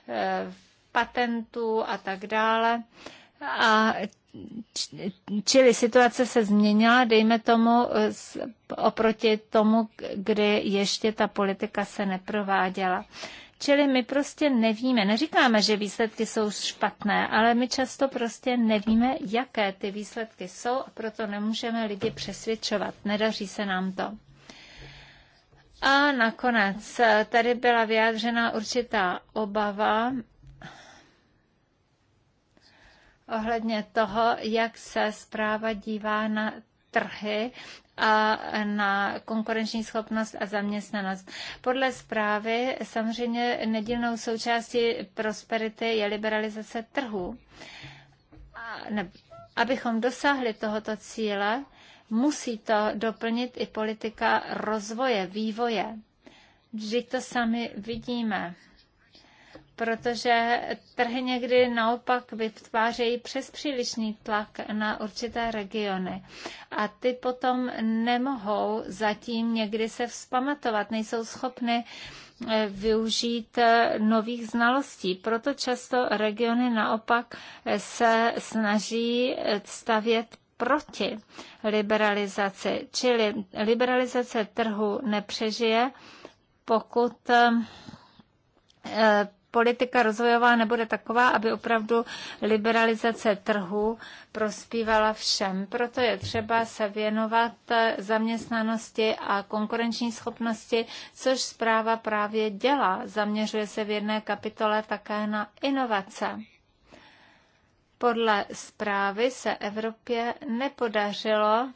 eh, patentů a tak dále a čili situace se změnila, dejme tomu, oproti tomu, kdy ještě ta politika se neprováděla. Čili my prostě nevíme, neříkáme, že výsledky jsou špatné, ale my často prostě nevíme, jaké ty výsledky jsou a proto nemůžeme lidi přesvědčovat. Nedaří se nám to. A nakonec eh, tady byla vyjádřena určitá obava ohledně toho, jak se zpráva dívá na trhy a na konkurenční schopnost a zaměstnanost. Podle zprávy samozřejmě nedílnou součástí prosperity je liberalizace trhu. A ne, abychom dosáhli tohoto cíle, musí to doplnit i politika rozvoje, vývoje. Vždyť to sami vidíme protože trhy někdy naopak vytvářejí přes přílišný tlak na určité regiony a ty potom nemohou zatím někdy se vzpamatovat, nejsou schopny eh, využít eh, nových znalostí. Proto často regiony naopak eh, se snaží stavět proti liberalizaci. Čili liberalizace trhu nepřežije, pokud politika rozvojová nebude taková, aby opravdu liberalizace trhu prospívala všem. Proto je třeba se věnovat zaměstnanosti a konkurenční schopnosti, což zpráva právě dělá. Zaměřuje se v jedné kapitole také na inovace. Podle zprávy se Evropě nepodařilo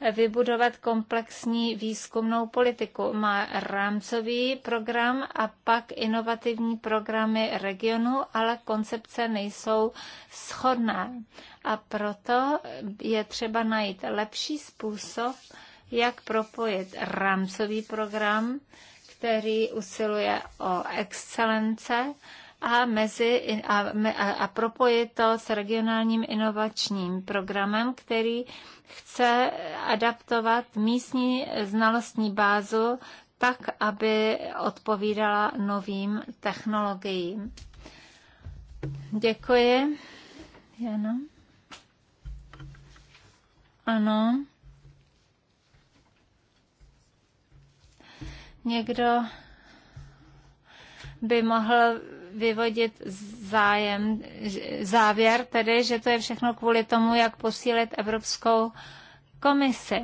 vybudovat komplexní výzkumnou politiku. Má rámcový program a pak inovativní programy regionu, ale koncepce nejsou shodné. A proto je třeba najít lepší způsob, jak propojit rámcový program, který usiluje o excelence, a, mezi, a, a, a propojit to s regionálním inovačním programem, který chce adaptovat místní znalostní bázu tak, aby odpovídala novým technologiím. Děkuji. Jana. Ano. Někdo by mohl vyvodit zájem, závěr, tedy, že to je všechno kvůli tomu, jak posílit Evropskou komisi.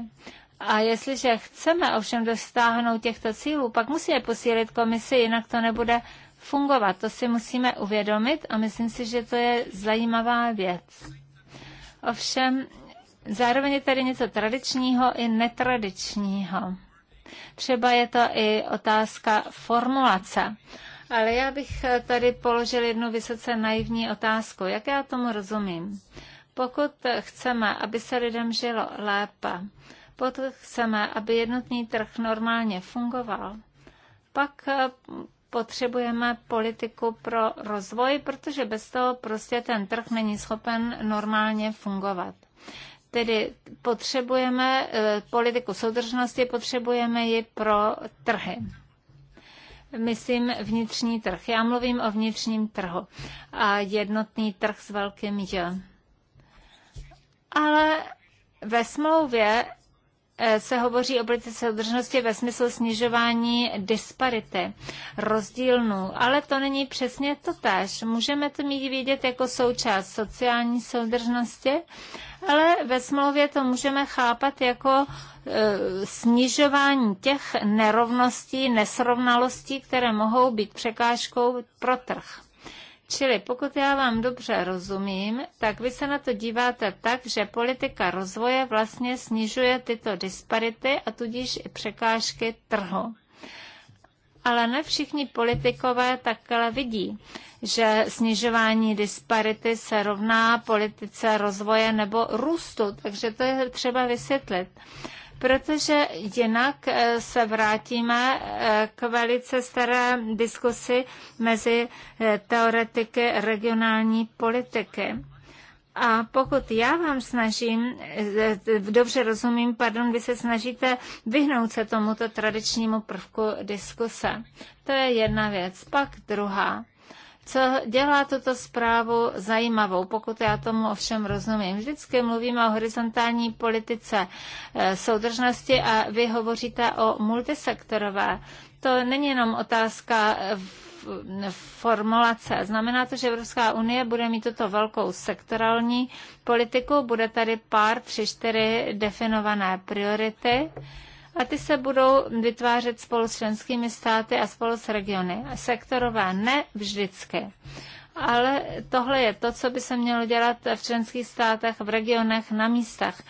A jestliže chceme ovšem dostáhnout těchto cílů, pak musíme posílit komisi, jinak to nebude fungovat. To si musíme uvědomit a myslím si, že to je zajímavá věc. Ovšem, zároveň je tady něco tradičního i netradičního. Třeba je to i otázka formulace. Ale já bych tady položil jednu vysoce naivní otázku. Jak já tomu rozumím? Pokud chceme, aby se lidem žilo lépe, pokud chceme, aby jednotný trh normálně fungoval, pak eh, potřebujeme politiku pro rozvoj, protože bez toho prostě ten trh není schopen normálně fungovat. Tedy potřebujeme eh, politiku soudržnosti, potřebujeme ji pro trhy myslím vnitřní trh. Já mluvím o vnitřním trhu a jednotný trh s velkým J. Ale ve smlouvě Eh, se hovoří o politice soudržnosti ve smyslu snižování disparity, rozdílnů, ale to není přesně to tež. Můžeme to mít vidět jako součást sociální soudržnosti, ale ve smlouvě to můžeme chápat jako eh, snižování těch nerovností, nesrovnalostí, které mohou být překážkou pro trh. Čili pokud já vám dobře rozumím, tak vy se na to díváte tak, že politika rozvoje vlastně snižuje tyto disparity a tudíž i překážky trhu. Ale ne všichni politikové takhle vidí, že snižování disparity se rovná politice rozvoje nebo růstu, takže to je třeba vysvětlit protože jinak eh, se vrátíme eh, k velice staré diskusi mezi eh, teoretiky regionální politiky. A pokud já vám snažím, dobře rozumím, pardon, vy se snažíte vyhnout se tomuto tradičnímu prvku diskuse. To je jedna věc. Pak druhá co dělá tuto zprávu zajímavou, pokud já tomu ovšem rozumím. Vždycky mluvíme o horizontální politice eh, soudržnosti a vy hovoříte o multisektorové. To není jenom otázka eh, formulace. Znamená to, že Evropská unie bude mít tuto velkou sektorální politiku, bude tady pár, tři, čtyři definované priority a ty se budou vytvářet spolu s členskými státy a spolu s regiony. Sektorová ne vždycky. Ale tohle je to, co by se mělo dělat v členských státech, v regionech, na místech.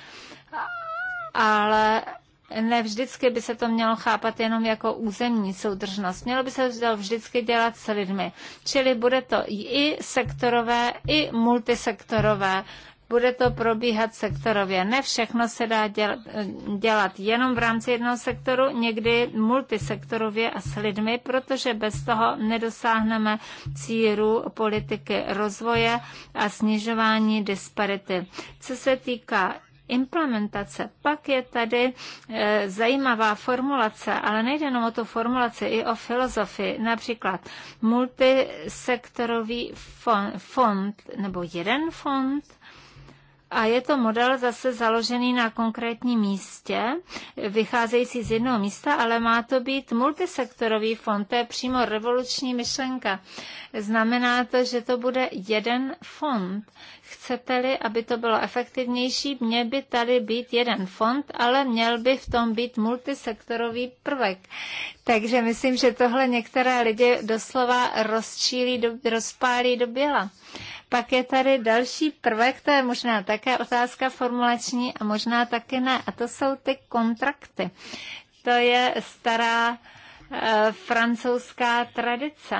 Ale ne vždycky by se to mělo chápat jenom jako územní soudržnost. Mělo by se to vždycky dělat s lidmi. Čili bude to i sektorové, i multisektorové bude to probíhat sektorově. Ne všechno se dá dělat jenom v rámci jednoho sektoru, někdy multisektorově a s lidmi, protože bez toho nedosáhneme círu politiky rozvoje a snižování disparity. Co se týká implementace. Pak je tady e, zajímavá formulace, ale nejde jenom o tu formulaci, i o filozofii. Například multisektorový fond, fond nebo jeden fond, a je to model zase založený na konkrétním místě, vycházející z jednoho místa, ale má to být multisektorový fond. To je přímo revoluční myšlenka. Znamená to, že to bude jeden fond. Chcete-li, aby to bylo efektivnější, měl by tady být jeden fond, ale měl by v tom být multisektorový prvek. Takže myslím, že tohle některé lidi doslova rozčílí, do, rozpálí do běla. Pak je tady další prvek, to je možná také otázka formulační a možná taky ne. A to jsou ty kontrakty. To je stará e, francouzská tradice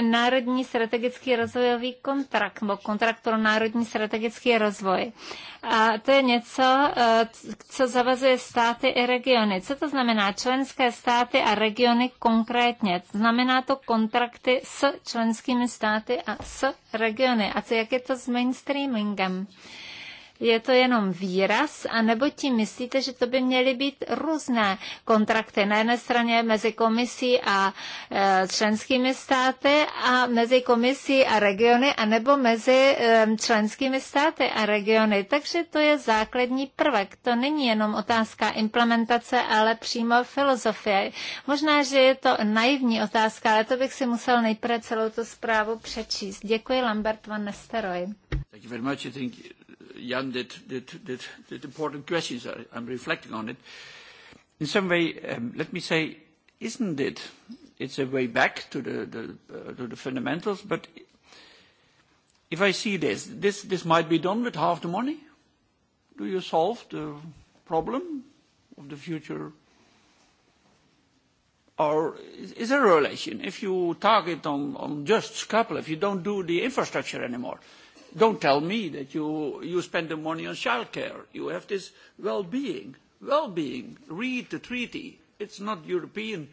národní strategický rozvojový kontrakt, nebo kontrakt pro národní strategický rozvoj. A to je něco, eh, co zavazuje státy i regiony. Co to znamená? Členské státy a regiony konkrétně. Znamená to kontrakty s členskými státy a s regiony. A co jak je to s mainstreamingem? Uh, je to jenom výraz, anebo tím myslíte, že to by měly být různé kontrakty na jedné straně mezi komisí a e, členskými státy a mezi komisí a regiony, anebo mezi e, členskými státy a regiony. Takže to je základní prvek. To není jenom otázka implementace, ale přímo filozofie. Možná, že je to naivní otázka, ale to bych si musel nejprve celou tu zprávu přečíst. Děkuji, Lambert van Nesteroy. Thank you very much. I think Jan did, did, did, did important questions. I, I'm reflecting on it. In some way, um, let me say, isn't it? It's a way back to the, the, uh, to the fundamentals, but if I see this, this, this might be done with half the money. Do you solve the problem of the future? Or is, there a relation? If you target on, on just scrapple, if you don't do the infrastructure anymore, Don't tell me that you, you spend the money on childcare. You have this well-being. Well-being. Read the treaty. It's not European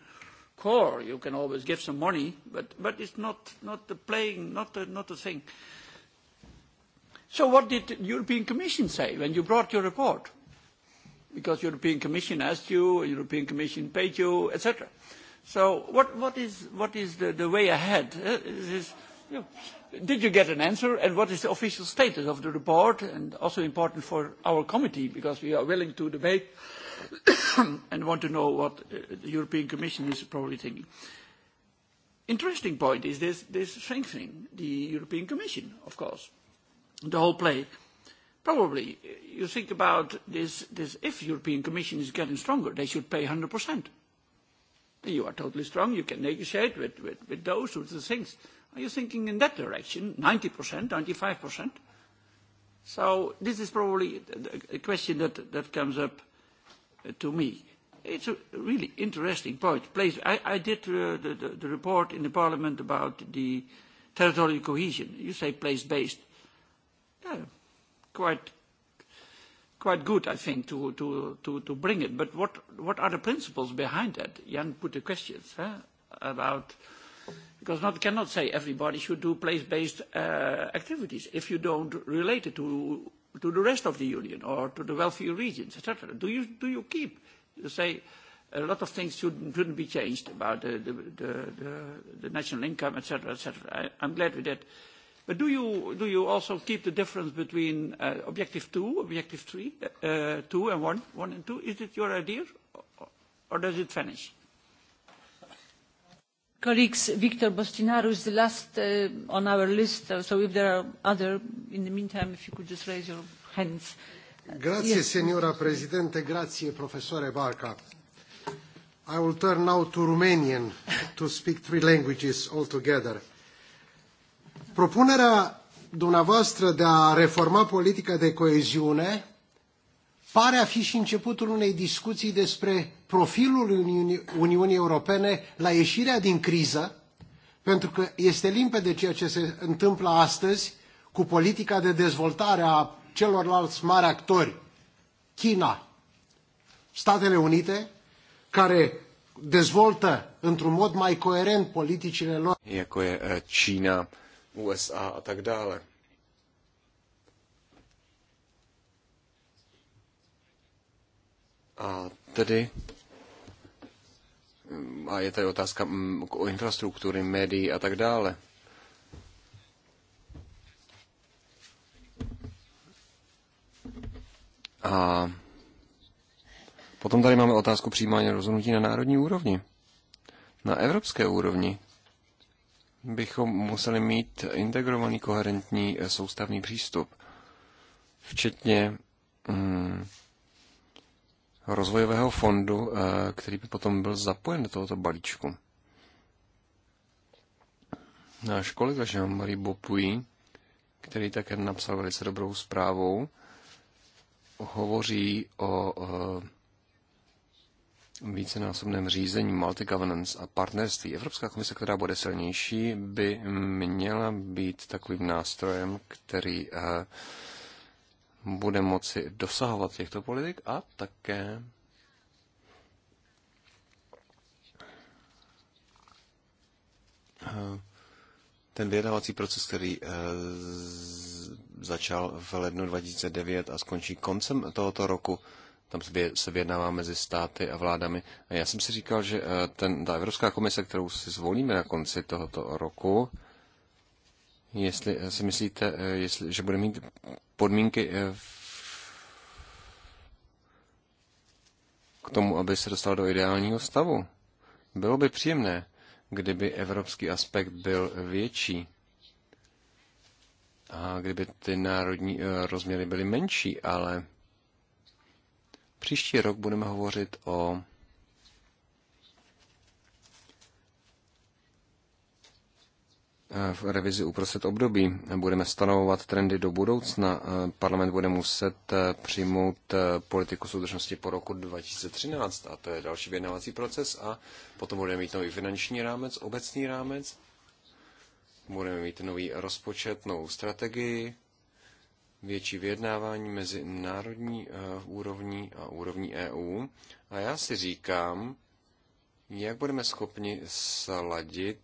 core. You can always give some money, but, but it's not, not the playing, not the, not the thing. So what did the European Commission say when you brought your report? Because European Commission asked you, European Commission paid you, etc. So what, what is, what is the, the way ahead? Uh, is, you know, did you get an answer and what is the official status of the report and also important for our committee because we are willing to debate and want to know what uh, the European Commission is probably thinking. Interesting point is this, this strengthening the European Commission, of course, the whole play. Probably uh, you think about this, this if European Commission is getting stronger, they should pay 100%. You are totally strong, you can negotiate with, with, with those sorts of things. Are you thinking in that direction, 90%, 95%? So this is probably a question that, that comes up to me. It's a really interesting point. Place, I, I did uh, the, the, the report in the parliament about the territorial cohesion. You say place-based. Yeah, quite, quite good, I think, to, to, to, to bring it. But what, what are the principles behind that? Jan put the questions huh, about Because not cannot say everybody should do place-based uh, activities if you don't relate it to, to the rest of the union or to the wealthy regions, etc. Do you, do you keep, you say, a lot of things should, shouldn't be changed about the, the, the, the, the national income, etc., etc. I, I'm glad with that. But do you, do you also keep the difference between uh, objective two, objective three, uh, two and one, one and two? Is it your idea, or, or does it vanish? colleagues victor botinaru is the last uh, on our list uh, so if there are other in the meantime if you could just raise your hands grazie yes. signora presidente grazie professore barca i will turn now to romanian to speak three languages altogether propunerea dumneavoastră de a reforma politica de coeziune pare a fi și începutul unei discuții despre profilul Uniunii, Uniunii Europene la ieșirea din criză, pentru că este limpede ceea ce se întâmplă astăzi cu politica de dezvoltare a celorlalți mari actori, China, Statele Unite, care dezvoltă într-un mod mai coerent politicile lor. Jako je China, eh, USA a tak dále. A tedy a je tady otázka mm, o infrastruktury, médií a tak dále. A potom tady máme otázku přijímání rozhodnutí na národní úrovni. Na evropské úrovni bychom museli mít integrovaný, koherentní e, soustavný přístup, včetně mm, rozvojového fondu, eh, který by potom byl zapojen do tohoto balíčku. Náš kolega Jean-Marie Bopuy, který také napsal velice dobrou zprávou, hovoří o eh, vícenásobném řízení multi-governance a partnerství. Evropská komise, která bude silnější, by měla být takovým nástrojem, který eh, bude moci dosahovat těchto politik a také eh, ten vyjednávací proces, který eh, začal v lednu 2009 a skončí koncem tohoto roku, tam se vyjednává mezi státy a vládami. A já jsem si říkal, že eh, ten, ta Evropská komise, kterou si zvolíme na konci tohoto roku, Jestli eh, si myslíte, eh, jestli, že bude mít podmínky eh, k tomu, aby se dostal do ideálního stavu. Bylo by příjemné, kdyby evropský aspekt byl větší a kdyby ty národní rozměry byly menší, ale příští rok budeme hovořit o v revizi uprostřed období. Budeme stanovovat trendy do budoucna. Parlament bude muset eh, přijmout eh, politiku soudržnosti po roku 2013 a to je další vyjednávací proces a potom budeme mít nový finanční rámec, obecný rámec, budeme mít nový rozpočet, novou strategii, větší vyjednávání mezi národní eh, úrovní a úrovní EU. A já si říkám, jak budeme schopni sladit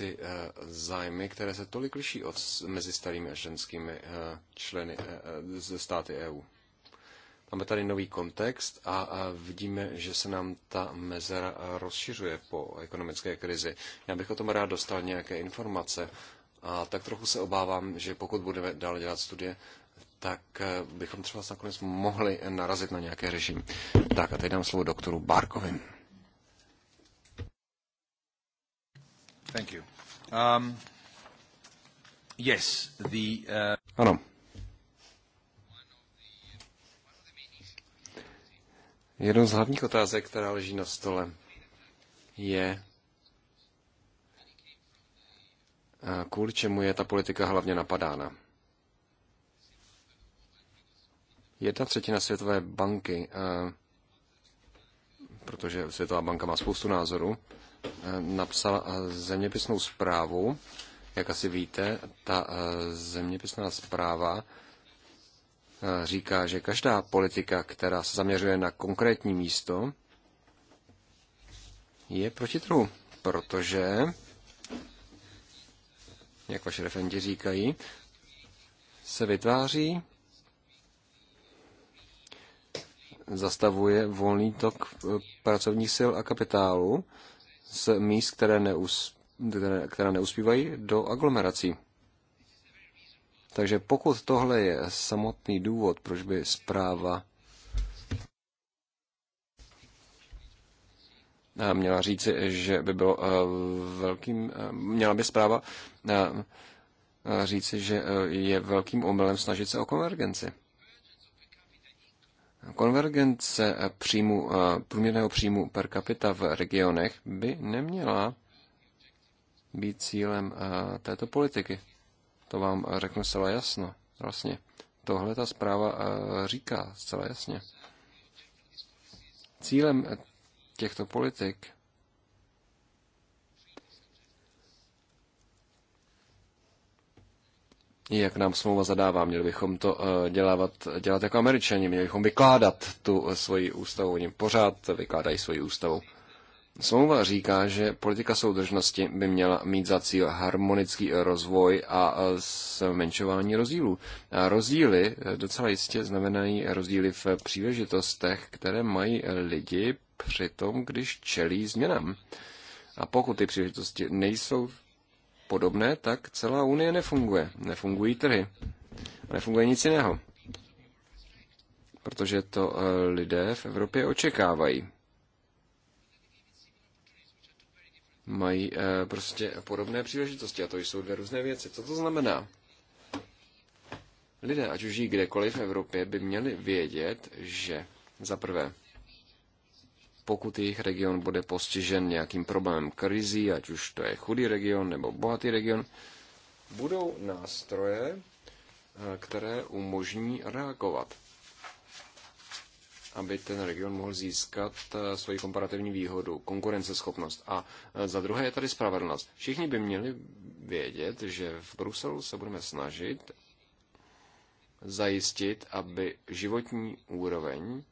ty eh, zájmy, které se tolik liší od, mezi starými a uh, členy eh, ze státy EU. Máme tady nový kontext a vidíme, že se nám ta mezera rozšiřuje po ekonomické krizi. Já bych o tom rád dostal nějaké informace a tak trochu se obávám, že pokud budeme dál dělat studie, tak bychom třeba nakonec mohli narazit na nějaké režim. Tak a teď dám slovo doktoru Barkovi. Thank you. Um, yes, the, uh... Ano. Jednou z hlavních otázek, která leží na stole, je, kvůli čemu je ta politika hlavně napadána. Jedna třetina Světové banky, protože Světová banka má spoustu názorů, Eh, napsal eh, zeměpisnou zprávu. Jak asi víte, ta eh, zeměpisná zpráva říká, že každá politika, která se zaměřuje na konkrétní místo, je proti trhu, protože, jak vaše referenti říkají, se vytváří, zastavuje volný tok pracovních sil a kapitálu z míst, které, neus, které, které neuspívají, do aglomerací. Takže pokud tohle je samotný důvod, proč by zpráva eh, měla říci, že by bylo eh, velkým, eh, měla by zpráva říci, že je velkým omylem snažit se o konvergenci. Konvergence příjmu, eh, průměrného příjmu per capita v regionech by neměla být cílem eh, této politiky. To vám řeknu zcela jasno. Vlastně tohle ta zpráva eh, říká zcela jasně. Cílem těchto politik jak nám smlouva zadává. Měli bychom to eh, dělávat, dělat jako američani, měli bychom vykládat tu eh, svoji ústavu. Oni pořád vykládají svoji ústavu. Smlouva říká, že politika soudržnosti by měla mít za cíl harmonický rozvoj a eh, zmenšování rozdílů. A rozdíly docela jistě znamenají rozdíly v příležitostech, které mají lidi při tom, když čelí změnám. A pokud ty příležitosti nejsou podobné, tak celá Unie nefunguje. Nefungují trhy. A nefunguje nic jiného. Protože to eh, lidé v Evropě očekávají. Mají eh, prostě podobné příležitosti a to jsou dvě různé věci. Co to znamená? Lidé, ať už žijí kdekoliv v Evropě, by měli vědět, že za prvé pokud jejich region bude postižen nějakým problémem krizí, ať už to je chudý region nebo bohatý region, budou nástroje, eh, které umožní reagovat, aby ten region mohl získat eh, svoji komparativní výhodu, konkurenceschopnost. A eh, za druhé je tady spravedlnost. Všichni by měli vědět, že v Bruselu se budeme snažit zajistit, aby životní úroveň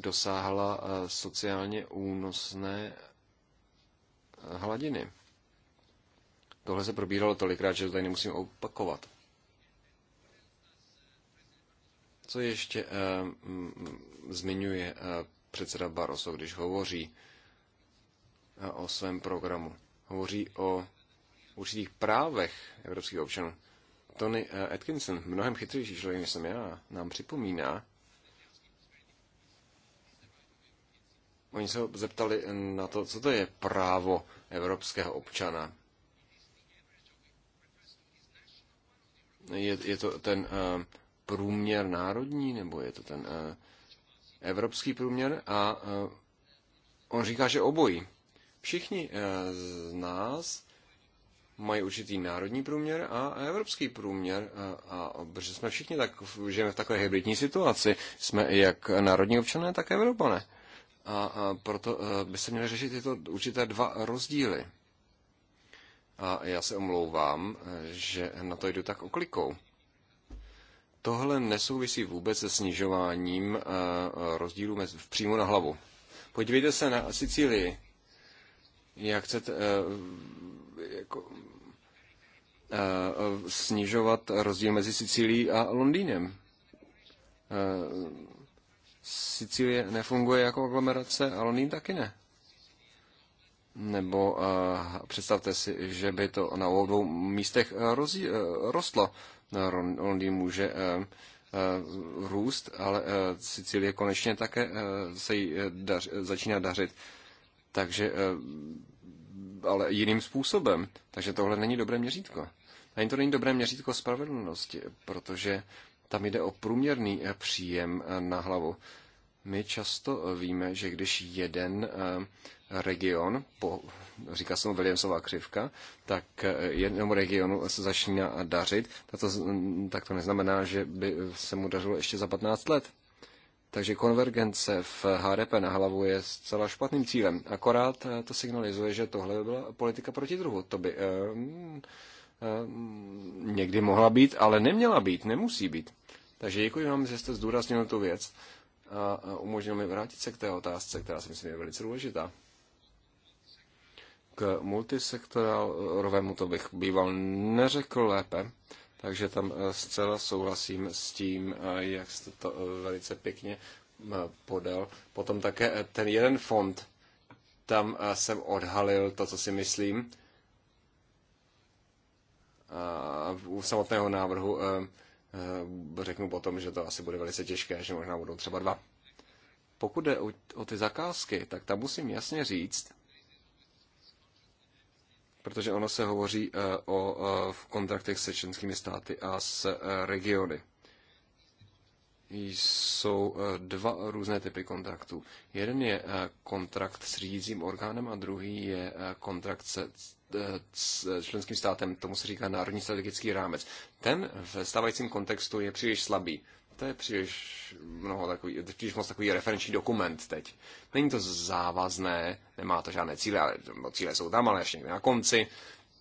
dosáhla eh, sociálně únosné eh, hladiny. Tohle se probíralo tolikrát, že to tady nemusím opakovat. Co ještě eh, zmiňuje eh, předseda Barroso, když hovoří eh, o svém programu? Hovoří o určitých právech evropských občanů. Tony eh, Atkinson, mnohem chytřejší člověk, než jsem já, nám připomíná, Oni se ho zeptali na to, co to je právo evropského občana. Je, je to ten uh, průměr národní, nebo je to ten uh, evropský průměr? A uh, on říká, že obojí. Všichni uh, z nás mají určitý národní průměr a evropský průměr. A, a protože jsme všichni tak, žijeme v takové hybridní situaci. Jsme jak národní občané, tak evropané. A proto e, by se měly řešit tyto určité dva rozdíly. A já se omlouvám, e, že na to jdu tak oklikou. Tohle nesouvisí vůbec se snižováním e, rozdílu v přímo na hlavu. Podívejte se na Sicílii. Jak chcete jako, snižovat rozdíl mezi Sicílií a Londýnem? Sicílie nefunguje jako aglomerace, ale Londýn taky ne. Nebo uh, představte si, že by to na obou dvou místech eh, rozí, uh, rostlo. Londýn může uh, uh, růst, ale uh, Sicílie konečně také uh, se jí dař, začíná dařit. Takže, uh, ale jiným způsobem. Takže tohle není dobré měřítko. Ani to není dobré měřítko spravedlnosti, protože tam jde o průměrný eh, příjem eh, na hlavu. My často eh, víme, že když jeden region, po, říká se mu Williamsová křivka, tak jednomu regionu se začíná dařit, tak to, tak to neznamená, že by se mu dařilo ještě za 15 let. Takže konvergence v HDP na hlavu je zcela špatným cílem. Akorát to signalizuje, že tohle by byla politika proti druhu. To by Eh, někdy mohla být, ale neměla být, nemusí být. Takže děkuji vám, že jste zdůraznil tu věc a umožnil mi vrátit se k té otázce, která si myslím je velice důležitá. K multisektorovému to bych býval neřekl lépe, takže tam eh, zcela souhlasím s tím, eh, jak jste to velice pěkně podal. Potom také ten jeden fond, tam jsem odhalil to, co si myslím, u samotného návrhu eh, eh, řeknu potom, že to asi bude velice těžké, že možná budou třeba dva. Pokud jde o ty zakázky, tak tam musím jasně říct, protože ono se hovoří eh, o v kontraktech se členskými státy a s regiony. Jsou dva různé typy kontraktů. Jeden je kontrakt s řídícím orgánem a druhý je kontrakt se Eh, eh, členským státem, tomu se říká národní strategický rámec. Ten v stávajícím kontextu je příliš slabý. To je příliš, mnoho takový, příliš moc takový referenční dokument teď. Není to závazné, nemá to žádné cíle, ale no, cíle jsou tam, ale ještě někde na konci.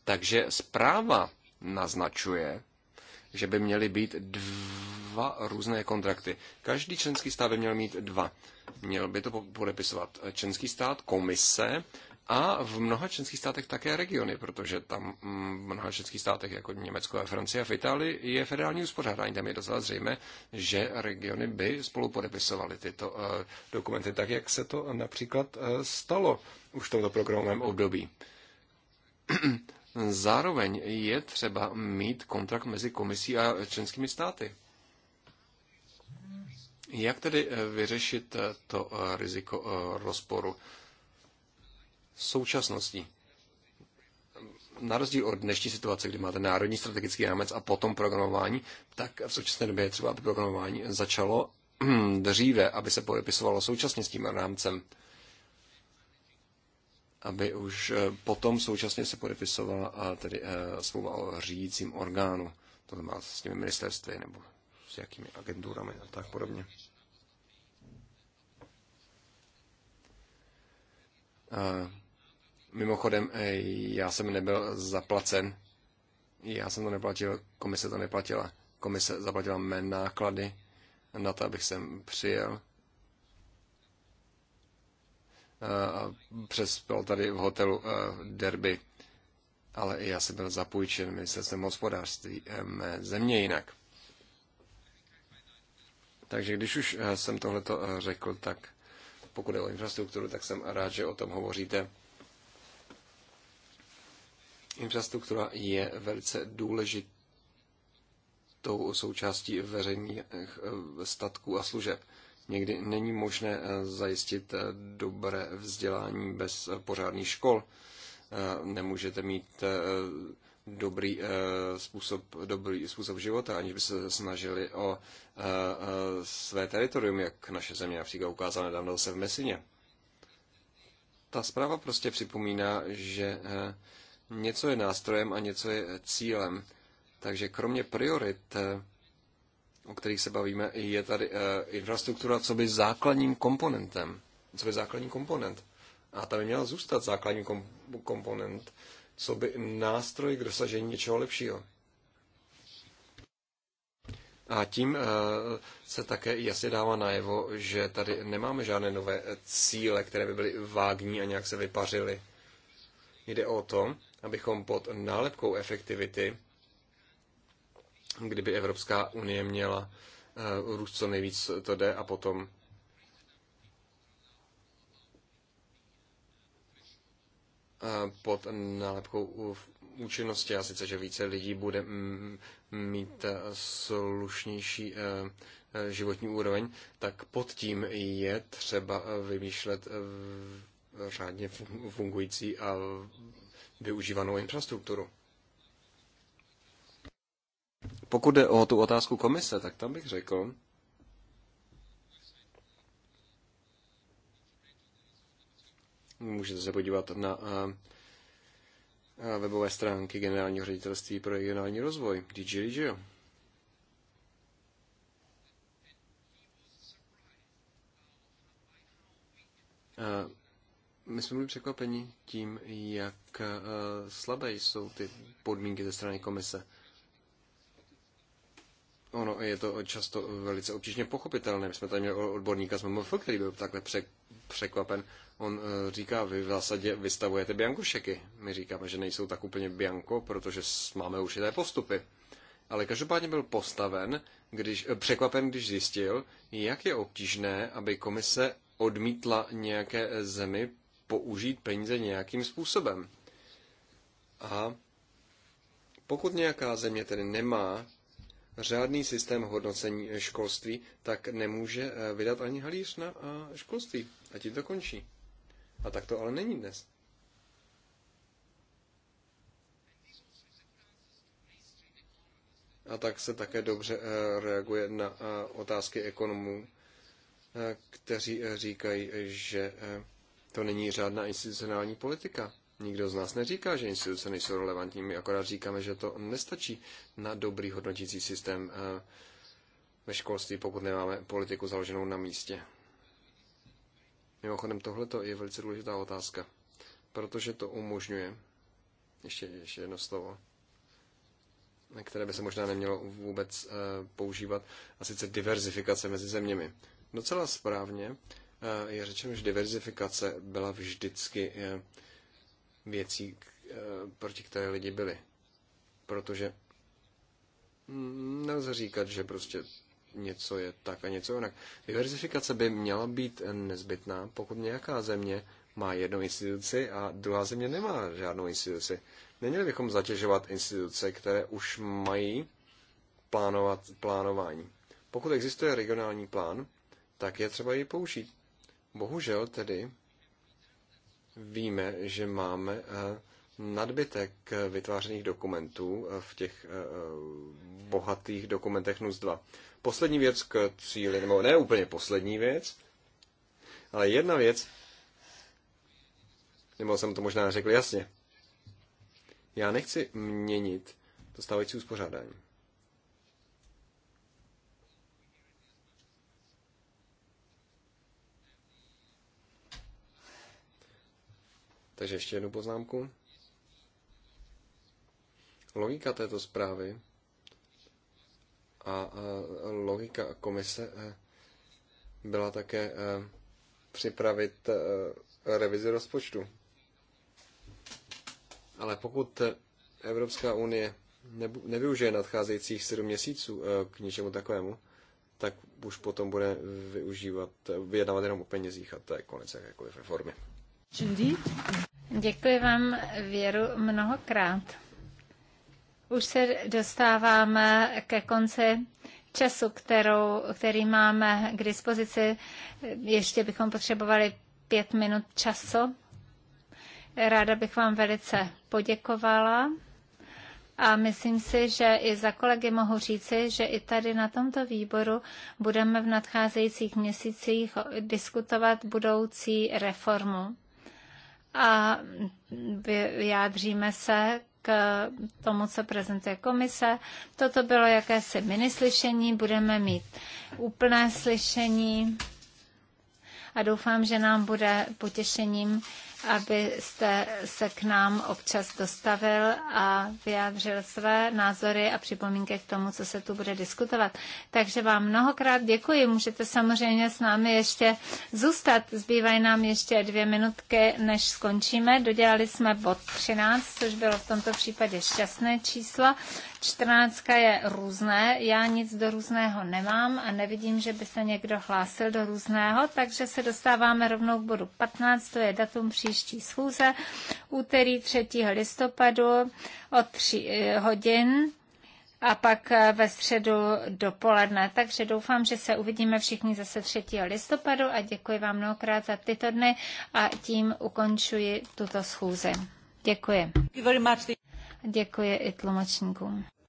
Takže zpráva naznačuje, že by měly být dva různé kontrakty. Každý členský stát by měl mít dva. Měl by to podepisovat členský stát, komise a v mnoha členských státech také regiony, protože tam mm, v mnoha členských státech, jako Německo a Francie a v Itálii, je federální uspořádání. Tam je docela zřejmé, že regiony by spolu podepisovaly tyto eh, dokumenty, tak jak se to například eh, stalo už v tomto programovém období. Zároveň je třeba mít kontrakt mezi komisí a členskými státy. Jak tedy eh, vyřešit to riziko rozporu? Současnosti, Na rozdíl od dnešní situace, kdy máte národní strategický rámec a potom programování, tak v současné době je třeba, aby programování začalo dříve, aby se podepisovalo současně s tím rámcem aby už eh, potom současně se podepisovala a tedy eh, smlouva o řídícím orgánu, to má s těmi ministerství nebo s jakými agenturami a tak podobně. A eh, Mimochodem, eh, já jsem nebyl zaplacen. Já jsem to neplatil, komise to neplatila. Komise zaplatila mé náklady na to, abych sem přijel. Eh, a přespal tady v hotelu eh, Derby, ale i já jsem byl zapůjčen ministerstvem hospodářství mé země jinak. Takže když už jsem tohleto řekl, tak pokud je o infrastrukturu, tak jsem rád, že o tom hovoříte Infrastruktura je velice důležitou součástí veřejných eh, statků a služeb. Někdy není možné eh, zajistit eh, dobré vzdělání bez pořádných škol. Nemůžete mít dobrý způsob, dobrý způsob života, aniž by se snažili o své teritorium, jak naše země například ukázala nedávno se v Mesině. Ta zpráva prostě připomíná, že Něco je nástrojem a něco je cílem. Takže kromě priorit, eh, o kterých se bavíme, je tady eh, infrastruktura co by základním komponentem. Co by základní komponent. A ta by měla zůstat základní komponent, co by nástroj k dosažení něčeho lepšího. A tím eh, se také jasně dává najevo, že tady nemáme žádné nové cíle, které by byly vágní a nějak se vypařily. Jde o to, abychom pod nálepkou efektivity, kdyby Evropská unie měla eh, růst co nejvíc to jde a potom eh, pod nálepkou účinnosti, a sice, že více lidí bude mít eh, slušnější životní úroveň, tak pod tím je třeba vymýšlet řádně fungující a využívanou infrastrukturu. Pokud jde o tu otázku komise, tak tam bych řekl, můžete se podívat na eh, eh, webové stránky Generálního ředitelství pro regionální rozvoj, DG Regio. Eh, my jsme byli překvapeni tím, jak eh, slabé jsou ty podmínky ze strany komise. Ono je to často velice obtížně pochopitelné. My jsme tady měli odborníka z MMF, který byl takhle překvapen. On eh, říká, vy v zásadě vystavujete biankošeky. My říkáme, že nejsou tak úplně bianko, protože máme určité postupy. Ale každopádně byl postaven, když, eh, překvapen, když zjistil, jak je obtížné, aby komise odmítla nějaké zemi použít peníze nějakým způsobem. A pokud nějaká země tedy nemá řádný systém hodnocení školství, tak nemůže eh, vydat ani halíř na eh, školství. A tím to končí. A tak to ale není dnes. A tak se také dobře eh, reaguje na otázky ekonomů, kteří říkají, že to není žádná institucionální politika. Nikdo z nás neříká, že instituce nejsou relevantní, my akorát říkáme, že to nestačí na dobrý hodnotící systém eh, ve školství, pokud nemáme politiku založenou na místě. Mimochodem, tohle je velice důležitá otázka, protože to umožňuje, ještě, ještě jedno slovo, které by se možná nemělo vůbec eh, používat, a sice diverzifikace mezi zeměmi. Docela správně Eh, je řečeno, že diverzifikace byla vždycky eh, věcí, eh, proti které lidi byli. Protože mm, nelze říkat, že prostě něco je tak a něco jinak. Diverzifikace by měla být nezbytná, pokud nějaká země má jednu instituci a druhá země nemá žádnou instituci. Neměli bychom zatěžovat instituce, které už mají plánovat plánování. Pokud existuje regionální plán, tak je třeba ji použít. Bohužel tedy víme, že máme eh, nadbytek eh, vytvářených dokumentů eh, v těch bohatých dokumentech NUS 2. Poslední věc k cíli, nebo ne úplně poslední věc, ale jedna věc, nebo jsem to možná řekl jasně, já nechci měnit to stávající uspořádání. Takže ještě jednu poznámku. Logika této zprávy a logika komise eh, byla také eh, připravit eh, revizi rozpočtu. Ale pokud Evropská unie nevyužije nadcházejících sedm měsíců k něčemu takovému, tak už potom bude využívat, vyjednávat jenom o penězích a to je konec jakékoliv reformy. Děkuji vám, Věru, mnohokrát. Už se dostáváme ke konci času, kterou, který máme k dispozici. Ještě bychom potřebovali pět minut času. Ráda bych vám velice poděkovala. A myslím si, že i za kolegy mohu říci, že i tady na tomto výboru budeme v nadcházejících měsících diskutovat budoucí reformu a vyjádříme se k tomu, co prezentuje komise. Toto bylo jakési minislyšení, budeme mít úplné slyšení a doufám, že nám bude potěšením abyste se k nám občas dostavil a vyjádřil své názory a připomínky k tomu, co se tu bude diskutovat. Takže vám mnohokrát děkuji. Můžete samozřejmě s námi ještě zůstat. Zbývají nám ještě dvě minutky, než skončíme. Dodělali jsme bod 13, což bylo v tomto případě šťastné číslo. Čtrnáctka je různé, já nic do různého nemám a nevidím, že by se někdo hlásil do různého, takže se dostáváme rovnou k bodu 15, to je datum příští schůze, úterý 3. listopadu od 3 eh, hodin a pak eh, ve středu dopoledne. Takže doufám, že se uvidíme všichni zase 3. listopadu a děkuji vám mnohokrát za tyto dny a tím ukončuji tuto schůzi. Děkuji. Děkuji i tlumočníkům.